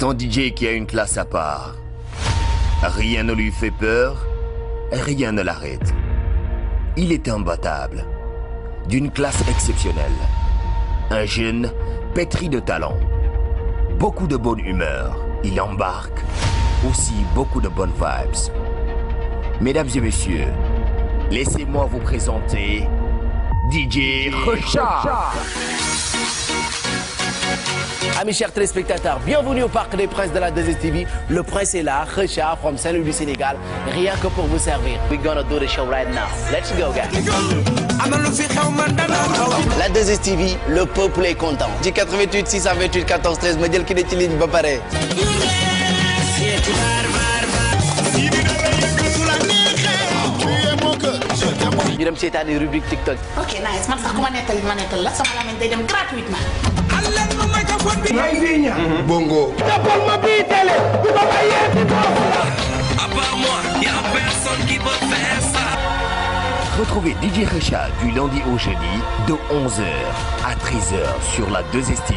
C'est un DJ qui a une classe à part. Rien ne lui fait peur, rien ne l'arrête. Il est imbattable, d'une classe exceptionnelle. Un jeune pétri de talent, beaucoup de bonne humeur. Il embarque aussi beaucoup de bonnes vibes. Mesdames et messieurs, laissez-moi vous présenter DJ Rochard. Amis chers téléspectateurs, bienvenue au Parc des Princes de la 2STV. Le prince est là, Kheucha from Saint-Louis du Sénégal, rien que pour vous servir. We gonna do the show right now. Let's go guys. La 2STV, le peuple est content. Di 88 628 14 13 ma jël ki ne ci ligne ba pare. ñu dem seetaani rubrique TikTok. ok nice man sax ku ma nettali ma nettal la sama lamine day dem gratuitement. Mike Vigna. Mhm. Bongo. Tapal ma bii télé. bu ma ko yeeti doofu la. À part moi, y a personne qui peut faire ça. Retrouvez DJ Kheucha du lundi au jeudi de 11h à 13h sur la 2STV.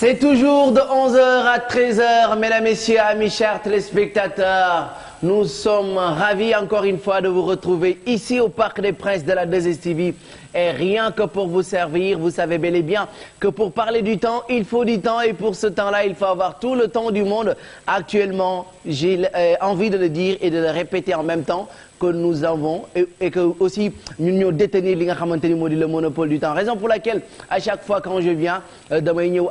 C'est toujours de 11h à 13h, mesdames, messieurs, amis chers téléspectateurs. Nous sommes ravis encore une fois de vous retrouver ici au Parc des Princes de la 2STV. Et rien que pour vous servir, vous savez bel et bien que pour parler du temps, il faut du temps. Et pour ce temps-là, il faut avoir tout le temps du monde. Actuellement, j'ai euh, envie de le répéter en même temps que nous avons et, que aussi ñun ñoo détenir li nga xamante ni moo di le monopole du temps raison pour laquelle à chaque fois quand je viens euh, damay euh,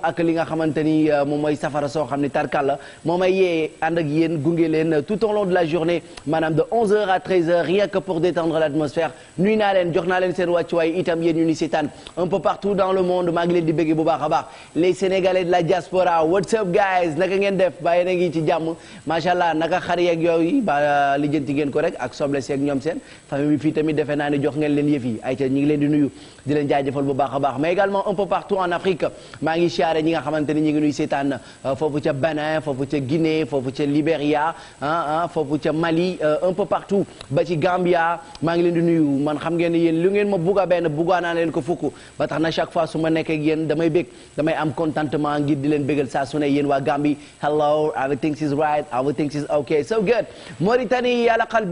soo xam ne tarkal la moom may yee ànd tout au long la journée maanaam de 11h à 13h rien que pour détendre l'atmosphère nuy naa leen jox naa leen seen wàccuwaay itam yéen ñu ni seetaan un peu partout dans le monde maa ngi di bëgg bu baax a baax les sénégalais la diaspora what's guys naka ngeen def bàyyi na ngi ci jàmm macha allah naka xar yeeg yooyu ba euh, lijjanti geen ko rek ak soble seeg ñoom seen famille bi fii tamit defe naa ne jox ngeen leen yëf yi ayca ñu leen di nuyu di leen jaajëfal bu baax a baax mais également un peu partout en Afrique maa ngi ñi nga xamante ni ñu ngi nuy seetaan euh, foofu ca Benin foofu ca Guinée foofu ca Libéria ah foofu ca Mali euh, un peu partout ba ci Gambia maa ngi leen di nuyu man xam ngeen ni yéen lu ngeen ma bugg a benn buggaa naa leen ko fukk ba tax na chaque fois su ma nekk ak yéen damay bég damay am contentement ngir di leen bégal sa su ne yéen waa Gambie hello everything is right everything is okay so good Mauritanie yàlla xal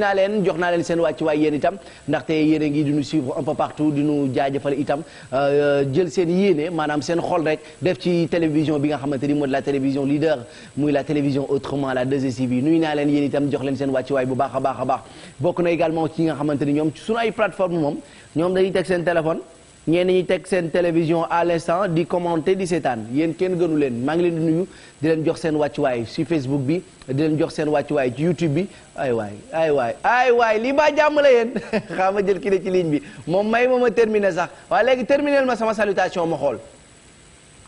naa leen jox naa leen seen wàcc waay yéen itam ndaxte yéen a ngi ñu jaajëfal itam euh, jël seen yéene maanaam seen xol rek def ci télévision bi nga xamante ni la télévision leader muy la télévision autrement la 2STV nuyu naa leen yéen itam jox leen seen wàccuwaay bu baax a baax a baax bokk na également ci nga xamante ñoom sunu ay plateforme moom ñoom dañuy teg seen téléphone ñenn ñi teg seen télévision à l'instant di commenter di seetaan yéen kenn gënu leen maa ngi leen di nuyu di leen jox seen wàccuwaay ci Facebook bi di leen jox seen wàccuwaay ci YouTube bi ay waay ay waay ay waay lii baa jàmm la yéen xaama jël ki ne ci ligne bi moom may ma ma terminer sax waaye léegi terminer ma sama salutation ma xool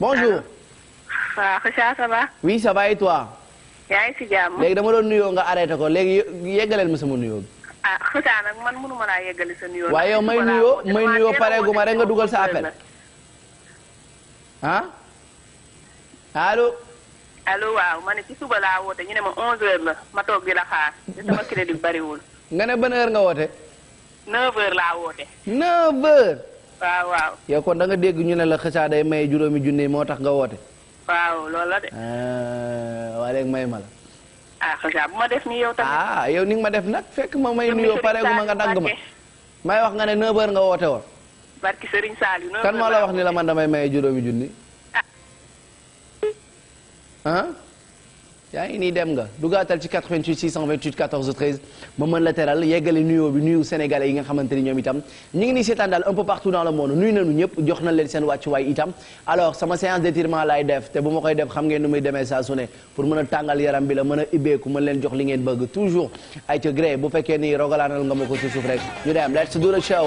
bonjour. waaw Kheucha ça va. oui ça toit et léegi dama doon nuyoo nga arrêté ko léegi yeggaleel ma sama nuyoo bi. ah xëtaa nag man mënu ma laa sa nuyoo. waaye yow may nuyoo may nuyoo pareegu ma rek nga dugal sa appel. ah allo. allo waaw ma ne ci suba laa woote ñu ne ma 11 la ma toog di la xaar. te sama crédit bariwul. nga ne ban nga woote. 9h laa woote. 9h. waaw waaw. yow kon da nga dégg ñu ne la xësaa day maye juróomi junne moo tax nga woote. waaw loolu la de. Ah, waa léegi may la. ah xaja bu ma def ni yow tamit. ah yow ni nga ma def nag fekk ma may nuyoo pareegu ma nga dagg ma. may wax nga ne 9h nga woote woon. barki kan moo la wax ni la man damay maye juróomi junni. ah. yaa ngi nii dem nga dugaatal ci 88 ma mën la teral yeggale nuyoo bi nuyu sénégalais yi nga xamante ñoom itam ñu ngi nii seetaan daal un peu partout dans le monde nuyu nañu ñëpp jox na leen seen wàccuwaay itam alors sama séance d'étirement laay def te bu ma koy def xam ngeen nu muy demee saa su pour mën a tàngal yaram bi la mën a ibbeeku mën leen jox li ngeen bëgg toujours ay ca gré bu fekkee ni rogalaanal nga ma ko suuf rek ñu dem let's do the show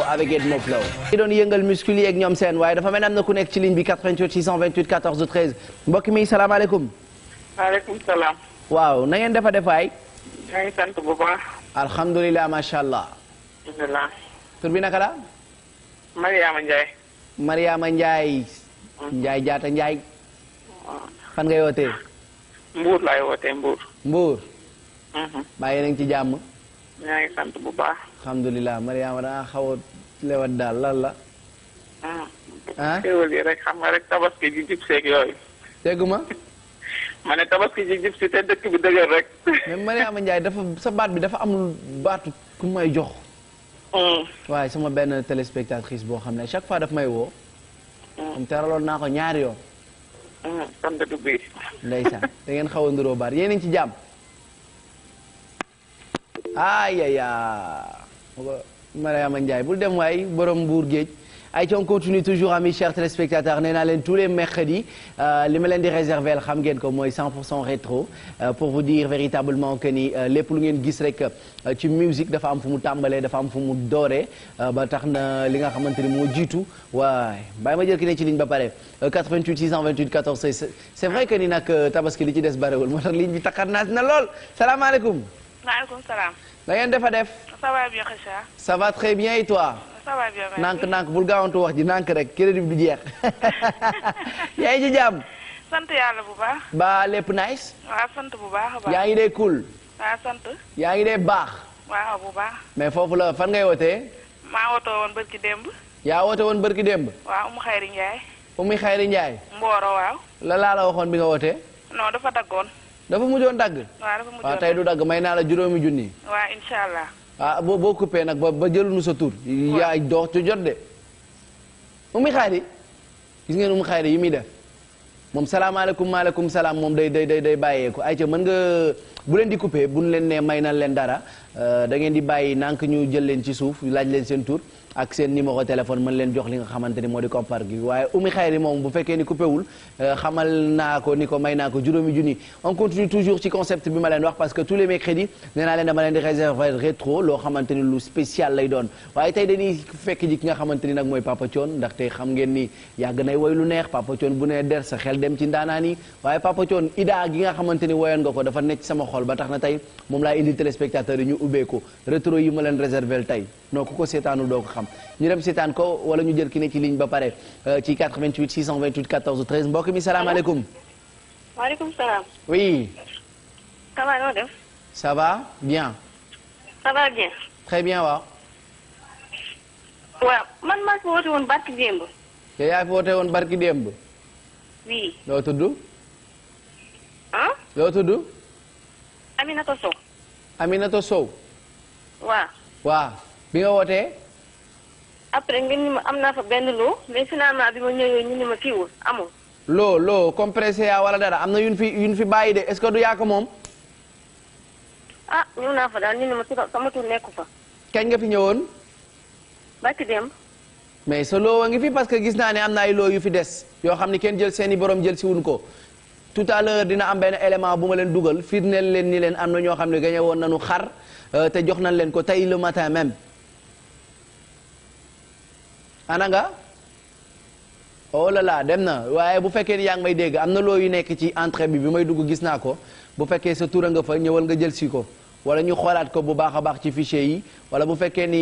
maaleykum salaam. waaw nangeen ngeen defa defaay. maa sant bu baax. alhamdulilah macha allah. alhamdulilah. tur bi naka la. Mariama Ndiaye. Mariama Ndiaye. Mm. Ndiaye jaata Ndiaye. fan ngay wootee. Mbour laay wootee Mbour. Mbour. Mm-hmm. bàyyi nañ ci jàmm. maa sant bu baax. alhamdulilah Mariama da nga xaw a daal lal la. Mm. ah. xéwal yi rek xam nga rek tabaski ji jub seeg yooyu. dégg ma ne tabaski ji jib si te dëkk bi dëgër rek. mais Mariama Ndiaye dafa sa baat bi dafa amul baatu ku may jox. Mm. waaye sama benn téléspectatrice boo xam ne chaque fois daf may woo. Mm. teraloon naa ko ñaari yoon. sant mm, du bi. ndeysaan da ngeen xaw a niroo baat yéen a ngi ci jàmm. aayaya Mariama Ndiaye bul dem waay borom mbuur géej. ay ci on continue toujours a chers téléspectateurs nee naa leen tous les mercredis euh, li ma leen di réserver xam ngeen ko mooy 100 pour cent rétro euh, pour vous dire véritablement que ni euh, lépp lu ngeen gis rek ci musique dafa am fu mu tàmbalee dafa am fu mu dooree ba tax na li nga xamante ni moo jiitu waaye bàyyi ma jël ki ne ci ligne ba pare 88 628 14 16 c'est vrai que ni nag tabaski li ci des barewul moo tax ligne bi kat naas na lool salaamaaleykum. maaleykum salaam. na ngeen defa def. ça va bien ça va très bien et toi. ça va bien nank nank bul gaawantu wax ji nank rek crédit bi du jeex yaa ngi ci sant yàlla bu baax. ba lépp nice. waaw sant bu baax a yaa ngi dee cool. sant. yaa ngi dee baax. waaw bu baax. mais foofu la fan ngay wootee. maa wootoo woon bërki démb. yaa woote woon bërki demb waaw Umu Xayri Ndiaye. Umu Xayri Ndiaye. Mbooro waaw. la laa la waxoon bi nga wootee. non dafa daggoon. dafa mujjoon dagg. waaw dafa mujjoon ah, dagg waaw tey du dagg may naa la juróomi junni. waaw incha allah. ah boo boo coupé nag ba ba jëluñu sa tur. yaay dox ci jot de. Oumy Khayri gis ngeen Oumy Khayri yi muy def moom salaamaaleykum maaleykum salaam moom day day day day ay ayca mën nga bu leen di coupé bu ñu leen nee may na leen dara euh, da ngeen di bàyyi nànk ñu jël leen ci suuf laaj leen seen tur. ak seen numéro téléphone mën leen jox li nga xamante ni moo di koppar gi waaye umi xayri moom bu fekkee ni coupé euh, xamal naa ko ni ko may naa ko juróomi junni on continue toujours ci concept bi ma leen wax parce que tous les mercredis fekk ji ki nga xamante ni nag mooy Papa Thione ndaxte xam ngeen ni yàgg nay woy lu neex Papa Thione bu nee der sa xel dem ci ndaanaan waaye Papa Thione Ida gi nga xamante ni woyoon nga ko dafa nekk sama xol ba tax na tey moom laa indi téléspectateurs yi ñu ubbeeku rétro yi ma leen réserver tey non ku ko seetaanul doo ko xam ñu dem seetaan ko wala ñu jël ki ne ci ligne ba pare euh, ci 88 628 14 13 mbokk mi salaamaaleykum. maaleykum salaam. oui. ça va noo def. ça va bien. ça va bien. très bien waaw. waaw man maa fi woote woon barki démb. te yaa fi woote woon barki démb. oui. loo tudd. ah. loo tudd. Aminata Sow. Aminata Sow. waaw. waaw. bi nga wootee. après ngeen ni ma am naa fa benn loo mais finalement bi ma ñëwee ñu ni ma fiiwul amul. loo loo compressé yaa wala dara am na yu ñu fi yu ñu fi bàyyi de est-ce que du yaa moom. ah ñëw naa fa daal ñu ne ma sama tur nekku fa. kañ nga fi ñëwoon. bàcc dem. mais sa loo wa ngi fi parce que gis naa ne am na ay loo yu fi des yoo xam ne kenn jël seeni borom jël si wuñ ko. tout à l'heure dina am benn élément bu ma leen dugal firndeel leen ni leen am na ñoo xam ne gañe woon nañu xar euh, te jox nañ leen ko tey le matin même. ana nga oh là dem na waaye bu fekkee ni yaa ngi may dégg am na loo yu nekk ci entrée bi bi may dugg gis naa ko bu fekkee sa tura nga fa ñëwal nga jël si ko wala ñu xoolaat ko bu baax a baax ci fichier yi wala bu fekkee ni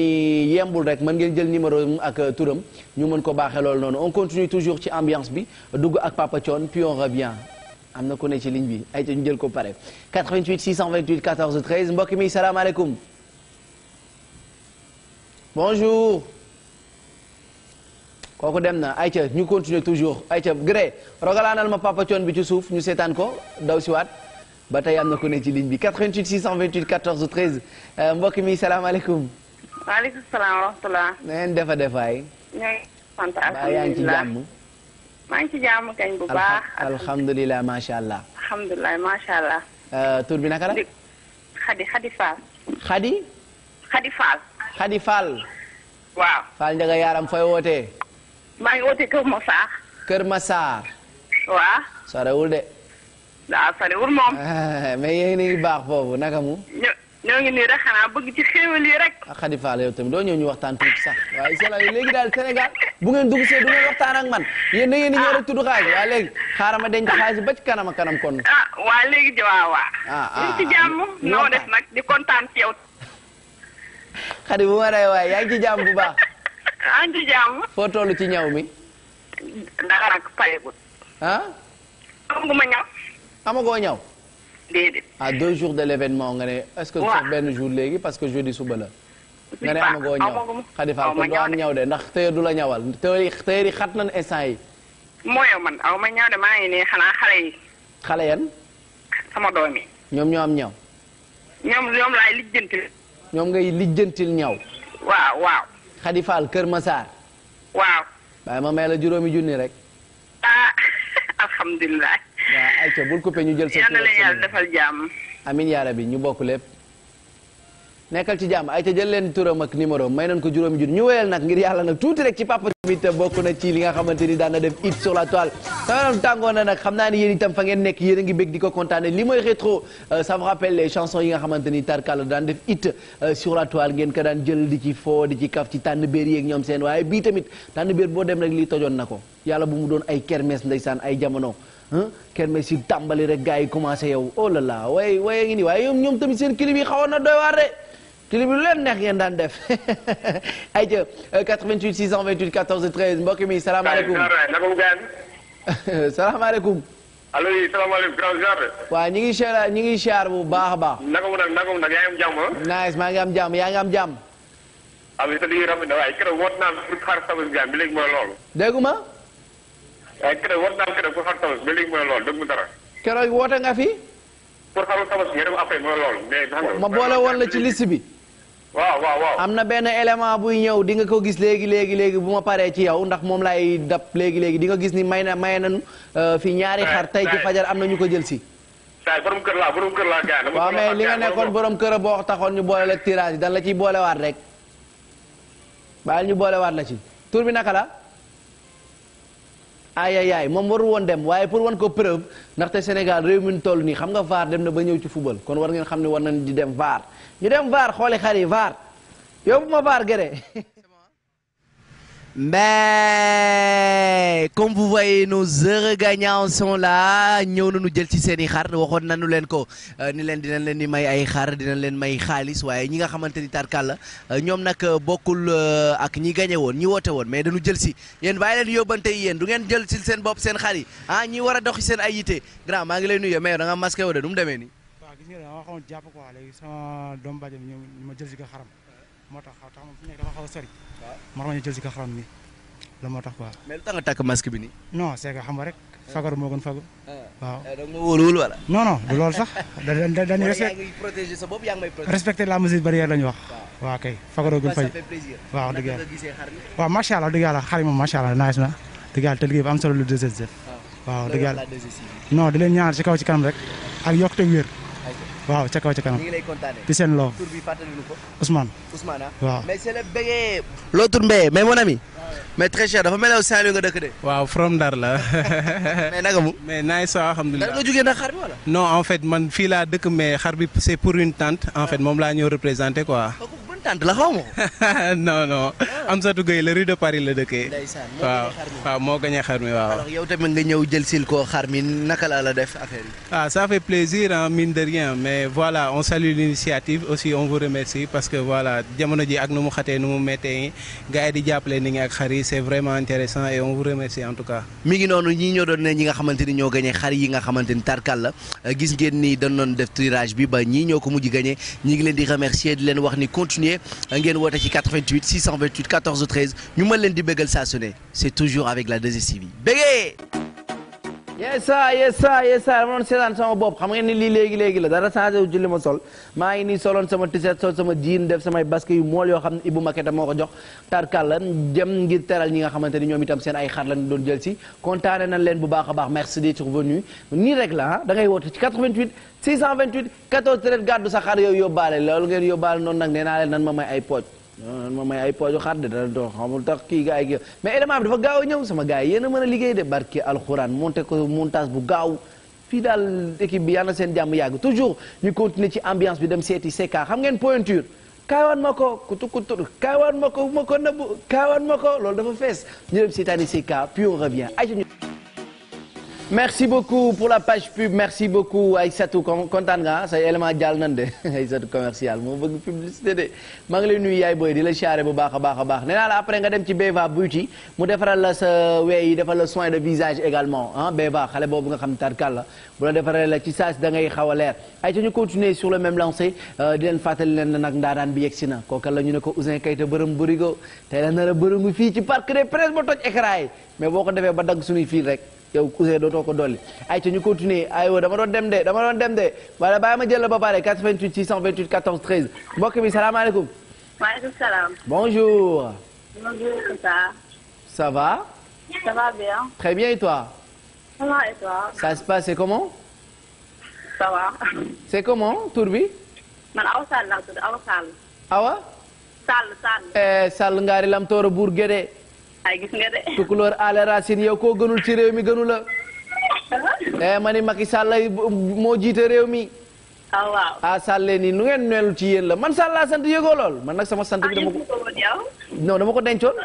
yembul rek mën ngeen jël numéro ak turam ñu mën ko baaxee loolu noonu on continue toujours ci ambiance bi dugg ak Papa Thione puis on revient am na ko ne ci ligne bi ay ñu jël ko pare 88 628 14 13 mbokk mi salaamaaleykum bonjour. kooku dem na ay ayca ñu continuer toujours ca gré rogalaanal ma papa coon bi ci suuf ñu seetaan ko daw siwaat ba tey am na ko ne ci ligne bi 88 628 14 13 mbokk mi salaamaaleykum. waaleykum salaam wa rahmatulah. na ngeen defa defaay. ñooy sant alhamdulilah maa ngi ci macha allah. alhamdulilah macha allah. Euh, tur bi naka la. Xadi Xadi Fall. Xadi. Xadi Fall. Xadi waaw. Fall Ndiaga Yaram fooy wootee. maa ngi woote Kër Massar. Kër Massar. waaw. wul de. waaw sorewul mais yéen a ngi baax foofu naka mu. ñoo ñoo ngi nii rek xanaa bëgg ci xéwal rek. ah Khady Fall yow tamit doo ñëw ñu waxtaan tuuti sax waaye sala léegi daal Sénégal bu ngeen dugg see du ngeen waxtaan ak man yéen da ngeen di ñëw tudd xaalis waaye léegi xaaral ma denc xaalis ba ci kanam ak kanam kon. ah waa léegi di waaw ci jàmm bu baax. foo toll ci ñaw mi. dara nag pareegul. ah. amaguma ñaw. amagoo ñaw. déedéet. deux jours de l' événement nga ne. est-ce que sax benn jour léegi parce que jeudi suba la. nga ne amagoo ñaw xadifa ko doo am ñaw yi xat nañ instant yi. mooyoo man aw ñaw de maa ngi nii xanaa xale yi. xale yan. sama doom yi. am ñaw. ñoom ñoom laay lijjantil. ñoom ngay lijjantil ñaw. waaw waaw. Khady Fall Kër Massar. waaw. waaye ma may juróomi junni rek. ah alhamdulilah. waaw ayca bul coupé ñu jël sa. yàlla na la yàlla ñu bokk lépp. nekkal ci jàmm ay te jël leen turam ak numéro may nañ ko juróomi jur ñu wéyal nag ngir yàlla nag tuuti rek ci papa tamit bokk na ci li nga xamante ni def it sur la toile sama fa ngeen nekk a euh, yi nga xamante ni tarkal daan def it euh, sur la toile ngeen ko daan jël di ci foo ci kaf ci tànn béer yeeg ñoom seen waaye bii tamit tànn béer boo dem rek lii tojoon na ko yàlla bu mu doon ay kermesse ndeysaan ay jamono kermesse yi tàmbali rek gars yi télé bi lu leen neex ngeen daan def ayca 88 628 14 13 mbokk mi salaamaaleykum salaamaaleykum. allo yi salaamaaleykum. waaw ñu ngi siyaar ñu ngi siyaar bu baax a baax. naka mu nag naka mu nag yaa ngi am nice maa ngi am jàmm yaa ngi am jàmm. allo sa liggéey rafet na waaye keroog woot naa pour xar sabas bi bi léegi mooy loolu. déggu ma. waaye keroog woot naa keroog pour woote nga fi. pour xaru sabas bi nga dem après mooy boole woon la ci liste bi. waaw am na benn élément buy ñëw di nga ko gis léegi léegi léegi bu ma paree ci yow ndax moom lay dab léegi léegi di nga gis ni may na may nañu euh, fi ñaari xar tey ci fajar am na ñu ko jël si. waaw borom kër laa mais li nga nekkoon borom kër a boo taxoon ñu boole la tirage yi dan la ciy boolewaat rek baal ñu boolewaat la ci tur bi naka la. ay ay moom warul woon dem waaye pour wan ko preuve ndaxte Sénégal réew mi ñu toll nii xam nga VAR dem na ba ñëw ci football kon war ngeen xam ne war nañ di dem VAR ñu dem vaar xooli xar yi vaar yóbbu ma vaar gëre mais comme vous voyez nos heureux gagnants sont là ñëw nañu jël ci seen i xar waxoon nañu leen ko euh, ni leen dinañ leen di may ay xar dinañ leen may xaalis waaye ñi nga xamante ni tarkalla euh, ñoom nag euh, bokkul ak ñi gagné woon ñi woote woon mais dañu jël si yéen bàyyi leen yóbbante yi yéen du ngeen jël si seen bopp seen xar ah ñi war a doxi seen ay yite grand maa ngi lay nuyu mais da nga masqué woo de mu demee ni waaw gis nga dama xamoon jàpp quoi léegi sama doom bàjjen ñu ma jël si ko xaram moo tax xaw tax moom fi nekk dafa xaw a sori ma xam ne jël si ko xaram ni la moo tax quoi mais lu tax nga tàkk masque bi nii non c'est que xam nga rek fagaru moo gën fagaru waaw eh, donc ma wóoluwul wala non non du loolu sax da dañu protéger sa bopp yaa ngi may protéger respecter la mesure barrière la ñu wax waaw kay fagaroo gën faj waaw dëgg yàlla waaw macha allah dëgg yàlla xar yi moom macha allah nice na dëgg yàlla te liggéey bi am solo lu def waaw dëgg yàlla non di leen ñaanal ci kaw ci kanam rek ak yokkute wér waaw ca kaw ca kanam ñu ngi lay kontaanee. ci seen ko. Ousmane. Ousmane ah waaw mais c'est loo tur mais mon ami. mais très cher dafa mel ne Saint-Louis nga dëkk de. waaw from Ndar la. mais naka mu. mais naay ah, soo alhamdulilah. nga jugee nag xar bi wala. non en fait man fii laa dëkk mais xar bi c'est pour une tante en ah. fait moom laa ñëw représenté quoi. tante la xaw ma non non ah. Amsatou Gueye la rue de Paris la dëkkee. ndeysaan waaw waaw moo gañe xar mi waaw. alors yow tamit nga ñëw jël ko xar mi naka laa la def affaire yi. ah ça fait plaisir ah mine de rien mais voilà on salue l'initiative aussi on vous remercie parce que voilà jamono ji ak nu mu xatee nu mu méttee gars yi di jàppale ni ngi ak xar c'est vraiment intéressant et on vous remercie en tout cas. mi ngi noonu ñi ñoo doon ne ñi nga xamante ñoo gañe xar yi nga bëggee ngeen woote ci 88 628 14 13 ñu mën leen di bëggal saa su ne c'est toujours avec la 2STV yi bëggee yesa yesa yesa dama doon seetaan sama bopp xam ngeen ni lii léegi léegi la dara changé wu julli ma sol maa ngi nii soloon sama t-shirt sol sama jean def samay basket yu mool yoo xam ne Ibou Maketa moo ko jox tarkal la jëm ngir teral ñi nga xamante ni ñoom itam seen ay xar lañ doon jël si kontaane nañ leen bu baax a baax merci d'être venu nii rek la ah da ngay woote ci 88 628 14 13 gàddu sa xar yow yóbbaale loolu ngeen yóbbaale noonu nag ma may ay pooj non moom may ay pooju xar de dara doo xamul tax kii gars yi mais élément dafa gaaw a ñëw sama gars yi yéen mën a liggéey de barki alxuraan monté ko montage bu gaaw fii daal équipe bi yàlla na seen jàmm yàgg toujours ñu continuer ci ambiance bi dem seeti CK xam ngeen pointure kaawaan ma ko kutu kutu kaawaan ma ko ma ko nëbbu kaawaan ma ko loolu dafa fees ñu dem seetaani CK puis on revient merci beaucoup pour la page pub merci beaucoup Aïssatou kontaan nga say élément jàll nan de Aïssatou commercial moo bëgg publicité de maa ngi lay nuyu yaay booy di la charré bu baax a baax a baax nee naa la après nga dem ci Beva Beauty mu defaral la sa wey yi defal la soin de visage également ah Beva xale boobu nga xam tarkal la bu la defaree la ci saas da ngay xaw a leer ay ta ñu continuer sur le même lancé euh, di leen fàttali leen na nag ndaanaan bi yegsi na kooka ñu ne ko Ousin Kayta bërëm bërigo tey la nar a fii ci parc des princes ba boo ko defee ba dagg suñuy fii rek que Ouzin dootoo ko dolli ay te ñu continuer aywa dama doon dem de dama doon dem de wala bàyyi ma jël la ba pare 88 628 14 13 mbokk bi salaamaaleykum. maaleykum salaam. bonjour. bonjour Kouta. ça va. ça va bien. très bien et toi. ça va et toi. ça se passe c'est comment. ça va. c'est comment tur bi. man Awa Sall laa tudd Awa Sall. Awa. Sall Sall. Eh, Sall ngaari lam tooro buur Guédé. ay gis nga racine yow koo gënul ci réew mi gënu la. eh ma ni Macky Sall moo jiite réew mi. ah waaw ah Sallé nii nu ngeen nelu ci yéen la man Sall laa sant yëgoo lool man nag sama sant bi dama ko. non dencoon.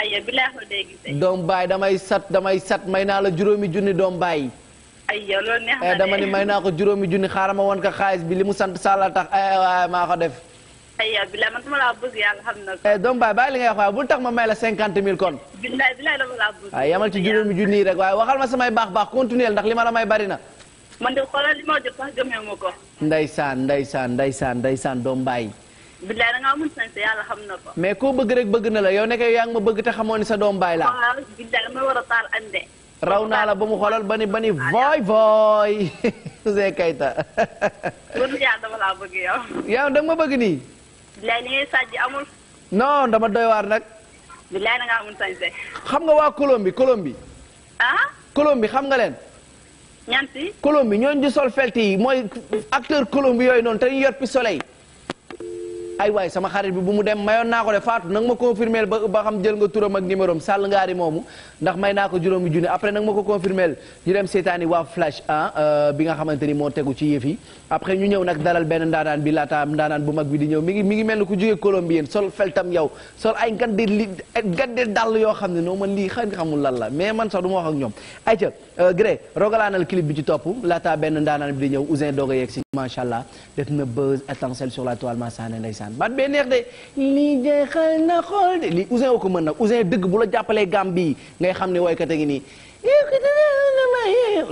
aywa bi doom baay damay sat damay sat may naa la juróomi junni doom baay. aywa loolu eh, dama ni may naa ko juróomi junni xaaral ma wan ko xaalis bi li mu sant Sall tax ay eh, waay maa ko def. aywa bilaay na ko. Eh, doom baay bàyyi li ngay wax waaye bul tax ma may la cinquante mille kon. bilaay waaye yamal ci juróomi nii rek waaye waxal ma samay baax baax continuer ndax li ma la may bari na. man de xoolal ndeysaan ndeysaan ndeysaan ndeysaan doom baay. na mais koo bëgg rek bëgg na la yow nekk yaa ngi ma bëgg te xamoo ni sa doom baay laa. raw naa la ba mu xoolal ba ni ba ni voy voy. Ouzin Keita. wala ma bëgg nii. bilaay li ngay amul. non dama doy nag. bilaay da ngaa amul sañse. xam nga waa Colombie Colombie. ah. xam nga leen. ñan si. Colombie ñooñu di sol felt yi mooy acteur Colombie yooyu noonu te ñu yor pistolet yi. ay waay sama xarit bi bu mu dem mayoon naa ko de Fatou nag ma confirmeel ba ba xam jël nga turam ak numéro am sàll ngaari moomu ndax may naa ko juróomi junni après nag ma ko confirmeel ñu dem seetaani waa flash ah euh, bi nga xamante ni moo tegu ci yëf yi après ñu ñëw nag dalal benn ndaanaan bi laata ndaanaan bu mag bi di ñëw mi ngi mi mel ni ku jógee Colombien sol feltam yow sol ay gàdde li yoo xam ne non man lii xëy xamul lan la mais man sax du ma wax ak ñoom. ayca euh, Gré rogalaanal clip bi ci topp laata benn ndaanaan bi di ñëw Ousin doog yegg si macha allah def na buzz étincelle sur la toile Massaane ndeysaan baat bee neex de lii jeexal na xool de lii Ousin woo ko mën nag Ousin dëgg bu la jàppale gàmm bii ngay xam ne woykat a ngi nii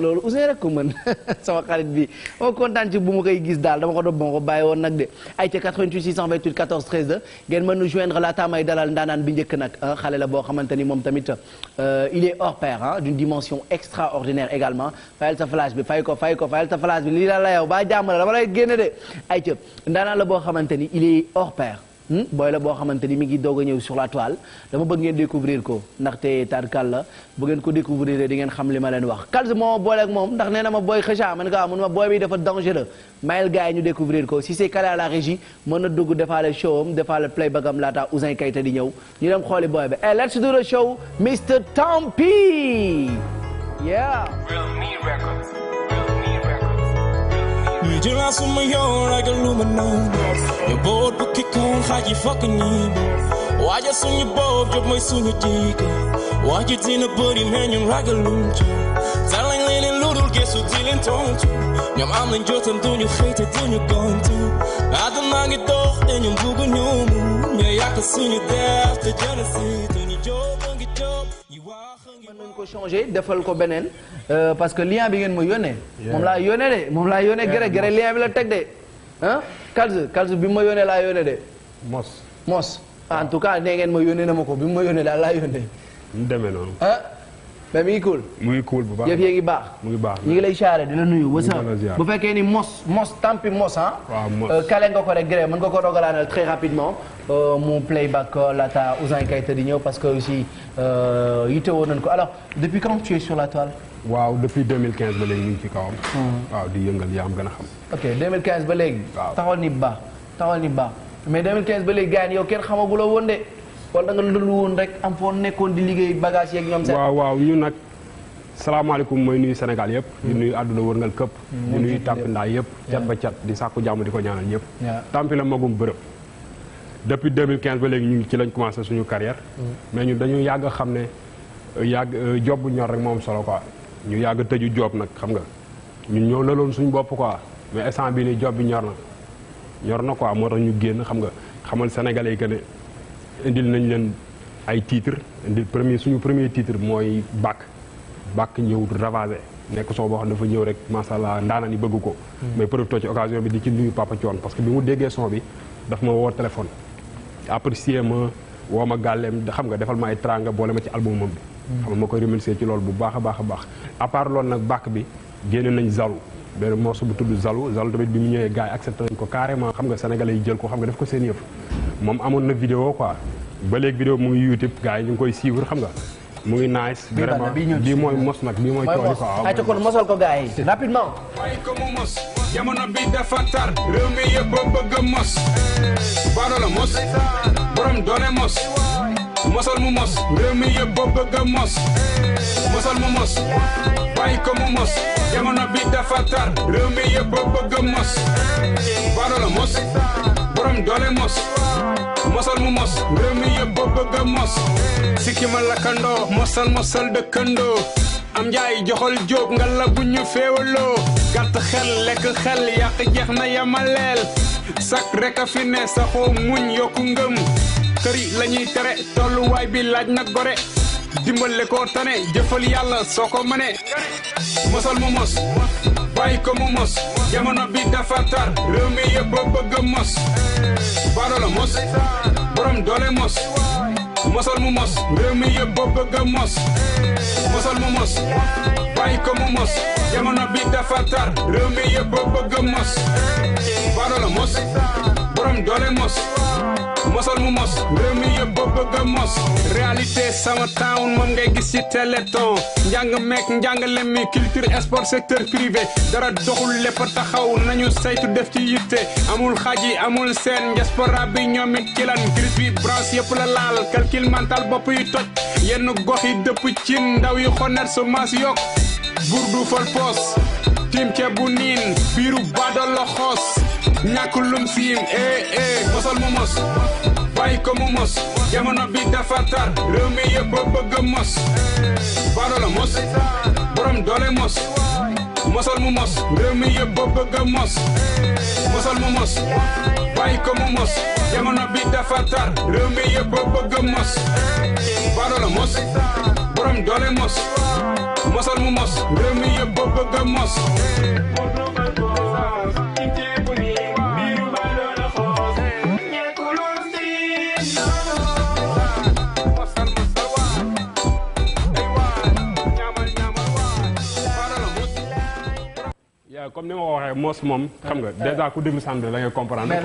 loolu Ouzin rek ko mën sama xarit bi moo oh, kontaan ci bu ma koy gis daal dama ko doon bon ko bàyyi woon nag de ay ca 88 628 14 13 la ngeen mën nu joindre laata may dalal ndaanaan bi njëkk nag ah, xale la boo xamante ni moom tamit euh, il est hors pair ah dimension extraordinaire également fayal sa flash bi fay ko fay ko fayal sa flash bi lii la la yow baa jàmm la dama lay génne de ay ca ndaanaan la boo xamante ni il Hmm? booy la boo xamante ni mi ngi doog a ñëw sur la toile dama bëgg ngeen découvrir ko ndaxte tarkal la bu ngeen ko découvrir di ngeen xam li ñu découvrir ko si c'est calé à la régie mën na dugg defaale show am defaale play bagam laata Ousin Kayta di ñëw ñu dem xooli booy bi et eh, let's do the show Mr Tampi You're not someone you're like aluminum. You're bored, but kick on, how you fucking need. Why you sung your bob, you're my sung your dick. Why you didn't a buddy, man, you're like a lunch. Telling Lenny Little, guess who didn't don't you? Your mom and Jotan, do you hate I don't know, you don't, and you're moving your moon. Yeah, I ko changé defal ko beneen euh, parce que lien bi ngeen ma yónnee. moom la yónnee de moom laa yónnee gërë gërë lien bi la teg de ah calze calze bi ma yónnee laa yónnee de. mos mos en tout cas nee ngeen ma yónnee na ko bi ma yónnee daal laa yónnee. mu demee noonu ah. mais mi ngi cool. mu ngi cool bu baax yëf yi ngi baax. mu ngi baax ñu ngi lay charré di la nuyu. wasa bu fekkee ni mos mos tampi mos ah. waaw mos euh, ko rek gré mën nga ko dogalaanal très rapidement. Euh, mu playback euh, laata Ouzin Keita di ñëw parce que aussi yitewoo nañu ko alors depuis quand tu sur la toile. waaw depuis ba léegi ñu ngi ci kawam. Hmm. di yëngal yaa am gën a xam. ok ba léegi. waaw ni baax taxawal ni baax mais ba léegi gars yow kenn xamaguloo woon wala da woon rek am nekkoon di liggéey bagage yeeg waaw waaw ñu nag salaamaaleykum mooy nuy Sénégal yëpp. Hmm. di nuyu àdduna wërngal këpp. Hmm. di nuyu Tampinda yëpp. cat ba cat di sàkku jàmm di ko ñaanal ñëpp. Tampinda magum bërëb. depuis 2015 ba léegi ñu ngi ci lañ commencé suñu carrière. Hmm. mais ñu dañu yàgg xam ne yàgg euh, job ñor rek moom solo quoi. ñu yàgg tëju joob nag xam nga ñu ñoo lëloon suñu bopp quoi mais instant bii nii job bi ñor na ñor na quoi moo tax ñu génn xam nga xamal sénégalais yi ne indil nañ leen ay titre indi premier suñu premier titre mooy bàkk bàkk ñëw ravagé nekk soo boo xam dafa ñëw rek macha allah ndaana ni bëgg ko. Hmm. mais profité ci occasion bi di ci nuyu Papa Thion parce que bi mu déggee son bi daf ma woo téléphone. apprécié ma woo ma gàlleem xam nga defal ma ay tranga boole ma ci albumam bi. Hmm. xam nga ma koy remercier ci loolu bu baax a baax a baax. à part loolu nag bàkk bi génne nañ zalu. benn morceau bu tudd Zalou Zalou tamit bi mu ñëwee gars yi ko carrément xam nga sénégalais yi jël ko xam nga def ko seen yëf moom amoon na vidéo quoi ba léegi vidéo mu ngi YouTube gars yi ñu ngi koy suivre xam nga mu ngi nice vraiment bii mooy mos nag bii mooy tool quoi ayca kon mosal ko gars yi rapidement waaye ko mu mos jamono bi dafa tar réew mi yëpp bëgg mos mos borom doole mos mosal mu mos réew mi yëpp ba a mos mosal mu mos bàyyi ko mu mos jamono bi dafa tar yëpp ba mos baado mos borom doole mos mosal mu mos réew yëpp ba mos sikkima mosal mosal dëkkandoo am njaay joxal jóob nga la bu ñu xel lekk xel yàq jeex na yamaleel sak rek a fi ne saxoo muñ yokku ngëm kër yi la ñuy tere bi laaj na gore dimbale ko tane jëfal yàlla soo ko mënee mosal mu mos bàyyi ko mu mos jamono bi dafa tar réew mi yëpp a bëgg mos baadoola mos borom doole mos mosal mu mos réew mi yëpp a mos mosal mu mos bàyyi ko mu mos jamono bi dafa tar réew mi yëpp mos baadoola mos borom doole mos mosal mu mos réew mi yëpp ba bëgg a mos réalité sama town moom ngay gis ci téléthon njàng meek njàngale mi culture sport secteur privé dara doxul lépp taxaw nañu saytu def ci yitte amul xaji amul seen diaspora bi ñoom it ci lan crise bi branche yëpp la laal calcul mental bopp yu toj yenn gox yi dëpp ci ndaw yi xonet su maas yokk buur du fal poos ceeb bu niin biiru baadoo la ñàkkul lum siim eh eh mosal mu mos bàyyi ko mu mos jamono bii dafa tar réew mi yëpp a bëgg mos baro mos borom doole mos mosal mu mos réew yëpp bëgg bi dafa tar a bëgg mos baro mos borom doole mos mosal mu mos réew yëpp a bëgg mos Euh, comme ni ma ko waxee mos moom xam nga eh. déjà ku déglu sànq la ngay comprendre. mais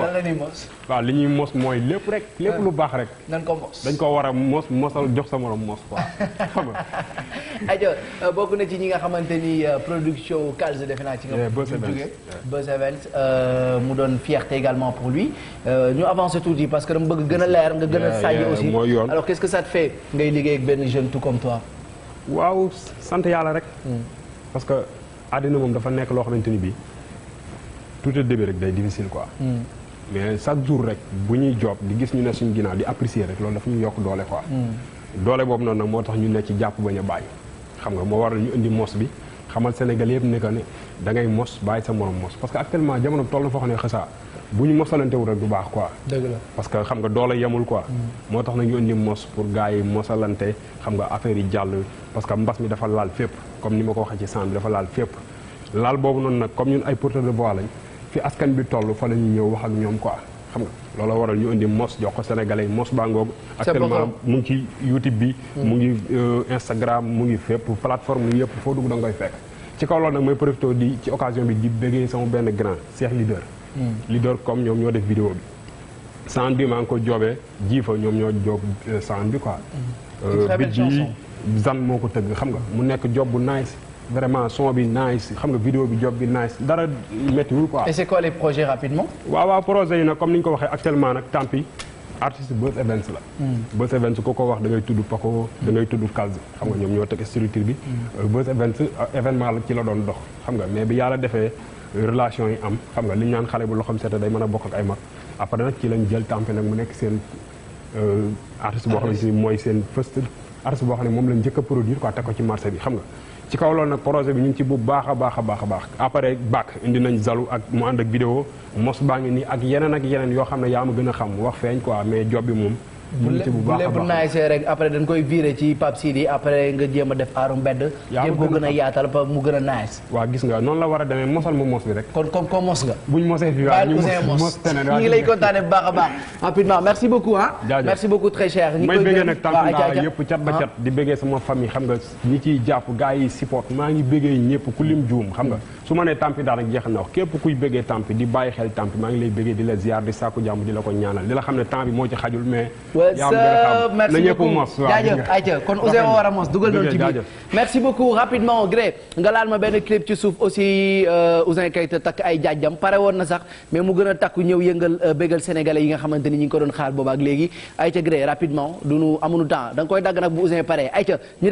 waaw li ñuy mos mooy lépp rek lépp eh. lu baax rek. dañ ko dañ ko war a mos mosal jox sa morom mos quoi xam euh, na ci ñi nga xamante ni euh, production Calze defe naa ci nga. Eh, Buzz Events Buzz mu doon fierté également pour lui ñu avancer tuuti parce que dama bëgg gën a leer nga gën a sàjj aussi alors qu'est-ce que ça te fait ngay liggéey ak benn jeune tout comme toi. waaw sant yàlla rek. Hmm. àddina moom dafa nekk loo xamante ni bii tout est début rek day difficile quoi. Hmm. mais chaque jour rek bu ñuy job di gis ñu ne suñu ginnaaw di apprécier rek loolu dafa ñu yokk doole quoi. Hmm. doole boobu noonu nag moo tax ñu ne ci jàpp bañ a bàyyi. xam nga moo waral ñu indi mos bi xamal Sénégal yëpp ne que ne da ngay mos bàyyi sa morom mos parce que actuellement jamono toll na foo xam ne xasaa bu ñu mosalantewul rek du baax quoi. parce que xam nga doole yemul quoi. Hmm. moo tax nag ñu indi mos pour gars yi mosalante xam nga affaire yi jàll parce que mbas mi dafa laal fépp. comme ni ma ko waxee ci sànq bi dafa laal fépp laal boobu noonu nag comme ñun ay porteurs de voix lañ fi askan bi toll fa la ñu ñëw wax ak ñoom quoi xam nga looloo waral ñu indi mos jox ko sénégalais yi mos baa ngoog actuellement mu ngi ci youtube bi hmm. mu ngi euh, instagram mu ngi fépp plateforme yëpp foo dugg da koy fekk ci kaw loolu nag mooy profité di ci occasion bi di bëggee sama benn grand Cheikh leader hmm. leader comme ñoom ñoo def vidéo bi san bi maa ngi ko joobee jiifa ñoom ñoo joob euh, san bi quoi hmm. euh, zan moo ko tëgg xam nga mu nekk job bu nice vraiment son bi nice xam nga vidéo bi job bi nice dara méttiwul quoi. et c'est quoi les projets rapidement. waaw projet yi na comme ni ñu ko waxee actuellement nag tant pis artiste la. Hmm. Buzz Events koo ko wax da ngay tudd Paco da ngay tudd Kalz xam nga ñoom ñoo teg structure bi. Hmm. Euh, Buzz Events euh, événement ci la doon dox xam nga mais bi yàlla defee euh, relation yi am xam nga li ñu naan xale bu loxoom seete day mën a bokk ak ay mag après nag ci lañ jël tampe nag mu nekk seen artiste boo xam ne si mooy seen first artiste boo xam ne moom la njëkk a produire quoi teg ko ci marché bi xam nga ci kaw loolu nag projet bi ñu ngi ci bu baax a baax a baax a baax après indi nañ zalu ak mu ànd ak vidéo mos baa ngi nii ak yeneen ak yeneen yoo xam ne yaa a gën a xam wax feeñ quoi mais job bi moom bu baax bu naay see rek après dañ koy viré ci Pape Sidi après nga jéem a def aaru mbedd. jéem ko gën a yaatal pa mu gën a naay. waaw gis nga noonu la war a demee mosal mu mos bi rek. kon kon ko mos nga. buñ mosee fii waaw ñu mos mos teneen ñu ngi lay kontaanee bu baax a baax. rapidement merci beaucoup ah. merci beaucoup très cher. ñu may bëggee nag tàmpinaa yëpp cat ba ah. cat di bëggee sama famille xam nga ñi ciy jàpp gars yi support maa ngi bëggee ñëpp ku lim juum xam nga su ma nee tampi daanaka jeexal na wax képp kuy bëggee tampi di bàyyi xel tampi maa ngi lay bëggee di la ziar di sàkku jàmm di la ko ñaanal di la xam ne temps moo ci xajul mais. yaa am kon Ousseynou war a mos dugal noonu ci biir merci beaucoup rapidement Gré nga laal ma benn clip ci suuf aussi euh, Ouzin Keita takk ay jaajam pare woon na sax mais mu gën a takku ñëw yëngal euh, bégal sénégalais yi nga xamante ni ñi ngi ko doon xaar boobaak léegi ayca Gré rapidement du nu amuñu temps danga koy dagg nag bu Ouzin pare ayca ñu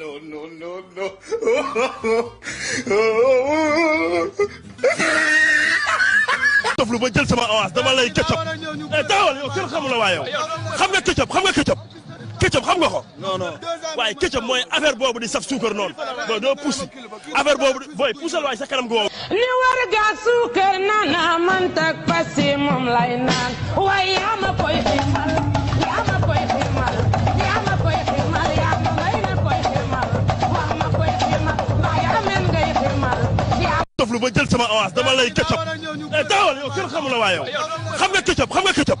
no, no, no, no. doflu ba jël sama avance dama lay këccëb eh xam nga xam nga këccëb këccëb boobu di saf suukar noonu booy doo puusi affaire boobu di booy puusal waay sa kanam gu wow li war ga suukar naan man tak pasi moom lay naan waaye ama koy toflu ba jël sama avance dama lay këccëb taawal eh, yow kenn xamula waa yow xam nga këccëb xam nga këccëb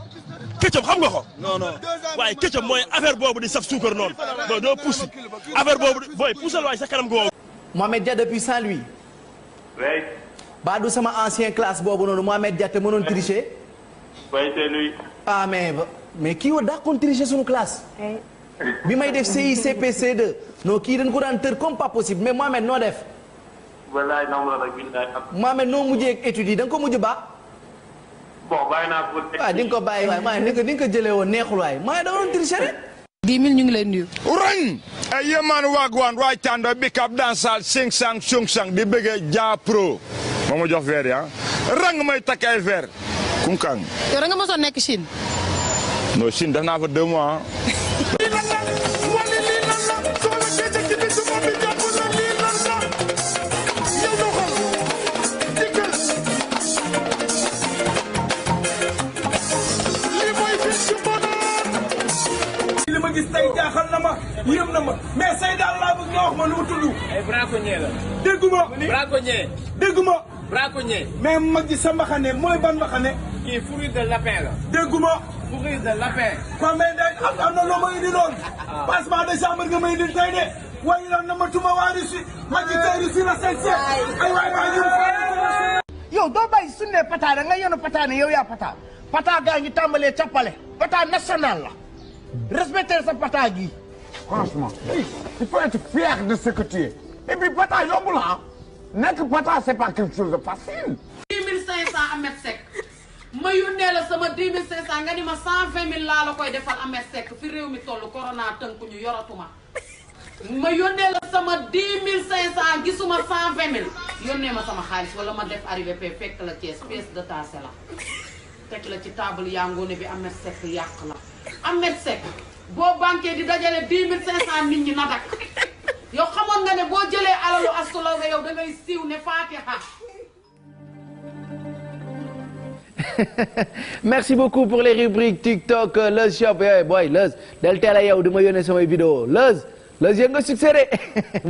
këccëb xam nga ko non non waaye këccëb mooy affaire boobu di saf suukar noonu doo doo puusi affaire boobu di booy puusal waaye sa kanam gu woowu Mohamed Dia depuis Saint-Louis oui baa du sama ancien classe boobu noonu Mohamed Dia te mënoon tricher oui c'est lui ah mais mais kii wa dàqoon tricher suñu classe bi may def CI CP C2 non kii dañ ko daan tër comme pas possible mais Mohamed noo def wallaay na mu noo mujjee ak études yi da ko mujj baax. bon bàyyi ko. waaw di ko bàyyi waay maa ni ni ko jëlee woon neexul waay maa da doon tricher rek. 10 ñu ngi lay nuyu. roñ ay yemaan waagwaan waay tàndo bi kap dansal sing sang sung sang di bëggee ja ma jox verre ya ah. rang may takk ay verre kunkang yow da nga mosoon nekk Chine. non Chine def naa fa deux ah. gis na ma na ma mu mag ji sa mbaxane mooy ban mbaxane. kii fourrure de lapin la. déggu ma. fourrure de lapin. kon mais ah. yow doo bàyyi suñu nee pata nga yenu pata ne yaa pata pata gaa la. respecter sa pata gi. franchement il faut être fier de ce que tu es. et puis pata yombul ah. nekk pata c'est que quelque chose de facile. 10 500 Ahmed Seck ma yónnee la sama 10 500 nga ni ma 120 000 laa la koy defal Ahmed Seck fi réew mi toll corona ñu yoratuma. ma yónnee la sama 10 500 gisuma 120 000 yónnee ma sama xaalis wala ma def arrivé fekk la caisse pièce de tasse la. teg la ci taabal yaa ngoone bi Ahmed Seck yàq la Ahmed Seck boo banqué di dajale 10 500 nit na dak yow xamoon nga ne boo jëlee alalu astrologue yow da ngay siiw ne Fatiha merci beaucoup pour les rubriques TikTok Leuz Shop yooyu eh, booy Leuz del teel yow di ma yónnee samay vidéo Leuz loolu yëngu nga succès de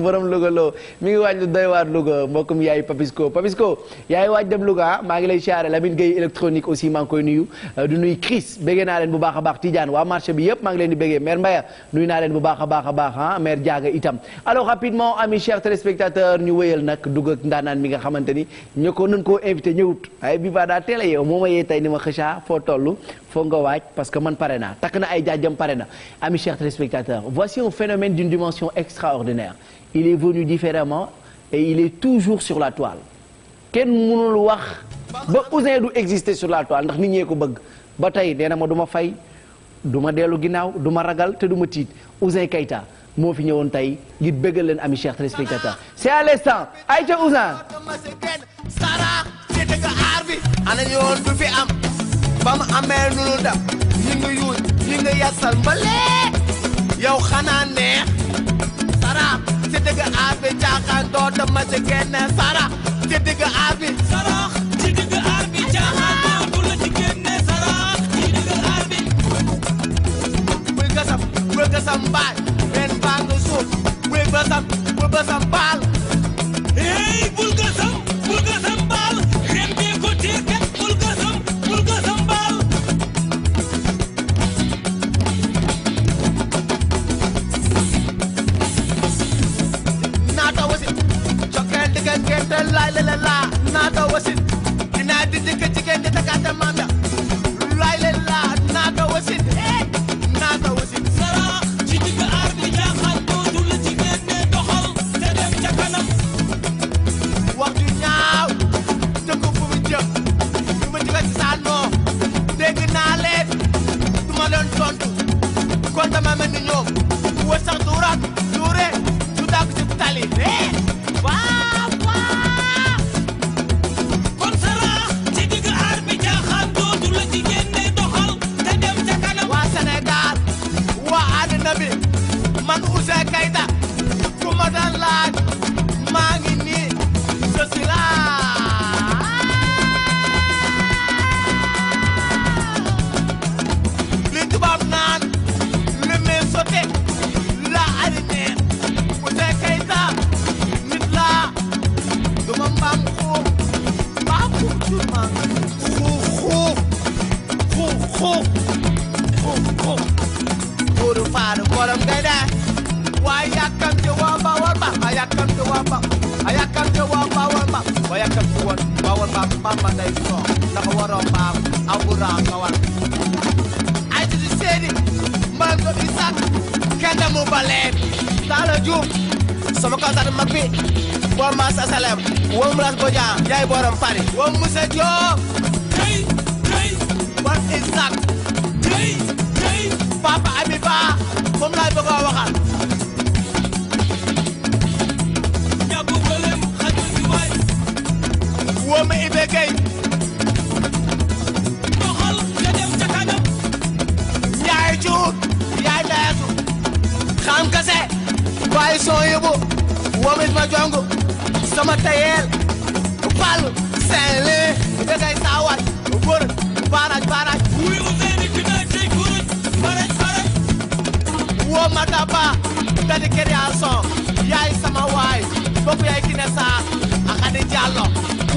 borom Louga loo mi ngi waaj lu doy waar Louga mbokkum yaay Papisco Papisco yaay waaj dem Louga ah, maa ngi lay siyaare Lamine Gueye électronique aussi maa ngi koy nuyu euh, du nuy Chris béggee naa leen bu baax a baax Tidiane waa marché bi yëpp maa ngi leen di béggee maire Mbaya nuyu naa leen bu baax a baax a baax a ah, maire Diaga itam alors rapidement amis chers téléspectateurs ñu wéyal nag dugg ak ndaanaan mi nga xamante ni ñoo nañ koo invité ñëwut waaye bi ba teel yow moo ma tey ni ma xëcaa ah, foo toll foog nga waaj parce que man pare naa takk na ay jaajëm pare na amis chers téléspectateurs voici un phénomène d'une dimension extraordinaire il est venu différemment et il est toujours sur la toile kenn mënul wax ba Ouzin du exister sur la toile ndax nit ñee ko bëgg ba tey nee na ma duma fay du ma dellu ginnaaw du ma ragal te du ma tiit Ouzin Keita moo fi ñëwoon tey ngir bëggal leen amis chers téléspectateurs c'est à l'instant ayca Ouzin. ana yoon bu fi am. ba mu amee ñi nga yuuj ñi nga yasal mbalee yow xanaa neex sara ci digg aabi caaxaan dootu ma ci génn sarax ci digg aabi caaxaan dootu ci génn sarax ci digg aabi bul gasam bul gasam mbaay benn baa nga suuf bul basam bul basam baal gerte laay la la laa naa daw wasit dinaa di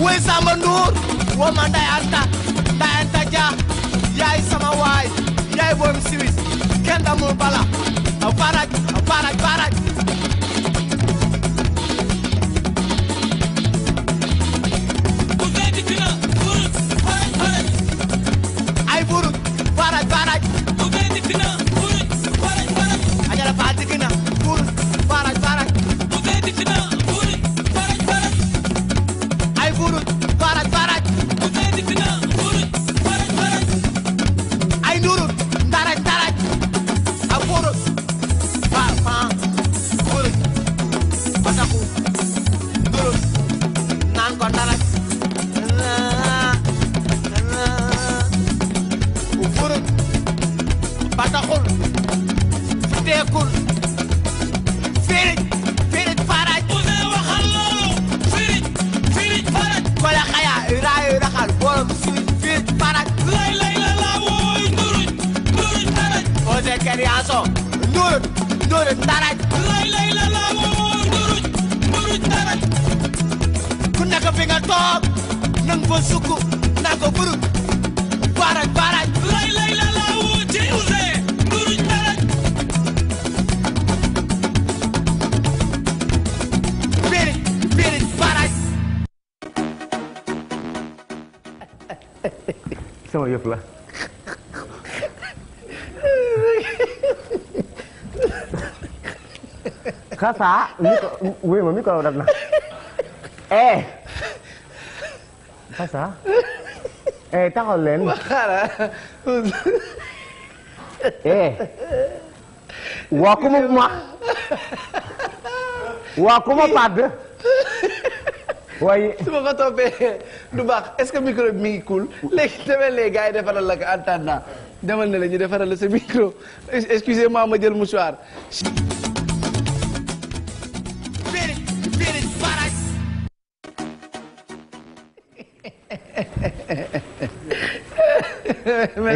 woy Samba Ndour woo ma Nday Anta Nday yaay sama waay yaay boom siwis kenn damul bala a baraj a baraj baraj ku fee dikk na yëf la. Xasa micro wuy ma micro daf na eh Xasa eh taxaw leen. ma xaaral. eh waa ku ma ma waa ku ma padd waaye su ma ko toppee. du baax est-ce que micro bi mi ngi cool léegi demel ne gars yi defaral la ko en attendant demal ne la ñu defaral la sa micro excusez-moi ma jël mouchoir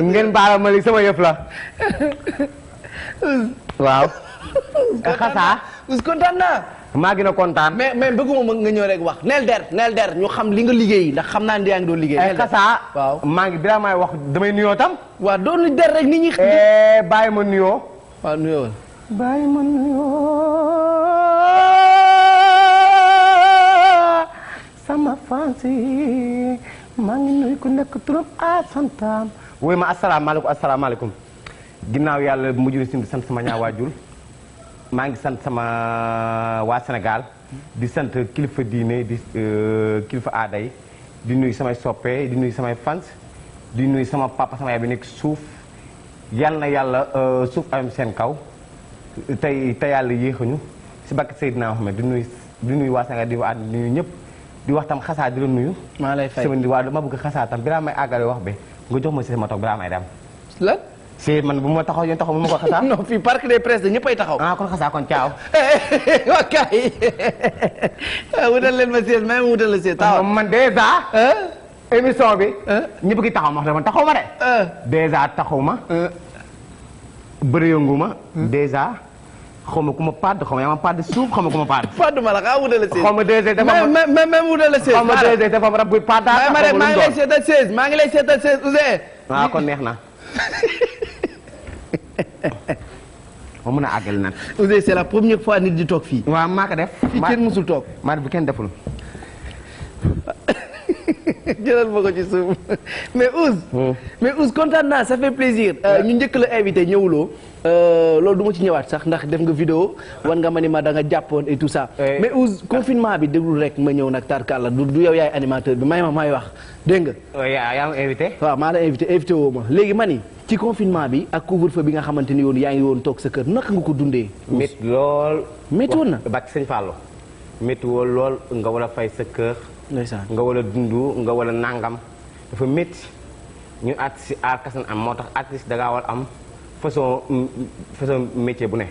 ngeen baal ma li sama yëf la waaw xasaa us kontaan maa gën a kontaan. mais mais bëgguma nga ñëw rek wax neel der neel der ñu xam li nga liggéey ndax xam naa ne yaa ngi doon liggéey. Eh, neel der xasaa. waaw maa damay nuyoo tam. waaw doon der rek nit ñi. Eh, bàyyi ma nuyoo. ma nuyoo sama fansi maa ngi nuyu ku nekk turam a santam. woy ma asalaamaaleykum asalaamaaleykum ginnaaw yàlla mujj na si sant sama ñaawaa maa ngi sant sama waa Sénégal di sant kilifa diine di euh, kilifa aada yi di nuyu samay soppe di nuyu samay fans di nuyu sama papa sama yaay bi nekk suuf yal na yàlla euh, suuf am seen kaw tey te yàlla yéexuñu si bakk Seydina Mohamed di nuy di nuy waa Sénégal di waa àddina nuyu ñëpp di wax tam xasaa di la nuyu. maa lay fay sama waa ma bëgg xasaa tam balaa may àggale wax bi nga jox ma si sama toog balaa may dem. si man bu ma taxaw yéen taxaw ma ma ko xasaa. non fii parc des presses de ñëppay taxaw. ah kon xasaa kon caaw. waa kay wutal leen ma siège même wutal la siège. taxaw man dèjà. Eh? émission bi. Eh? ñëpp gi taxaw ma wax taxaw ma de. Eh? dèjà taxaw ma. bëri yëngu ma. Hmm? dèjà xaw ma ku ma padd ma yaa ma padd suuf xaw ma ku ma padd. ma la xaw ah, wutal la siège. xaw ma ma même mu doon maa ngi lay seetal siège maa ngi lay seetal ah, kon neex na. ba mun a àggali nag. Ouzin c'est la première fois nit di toog fii. waaw maa def. fii kenn mësul toog. maa bi kenn deful. jëlal ma ko ci suuf mais Ousse. Hmm. mais Ousse kontaan naa sa fait plaisir. Euh, ñu njëkk la invité ñëwuloo. Euh, loolu du ma ci ñëwaat sax ndax def nga video wan nga ma ni ma da nga jàppoon et tout confinement bi déglu rek ma ñëw nag tarkalla du du yow yaay animateur bi may ma may wax dégg nga. yaa ma invité. waaw maa la invité invité ma léegi ma ni ci confinement bi ak couvre-feu bi nga xamante ni yoon yaa ngi woon toog sa kër naka nga ko dundee. métti lool. métti woon na. ba ci sëñ Fallou woon lool nga war fay sa kër. nga a dund nga war a nàngam dafa métti ñu artiste yi aar am moo tax artiste dangaa war am façon mm, façon métier bu ne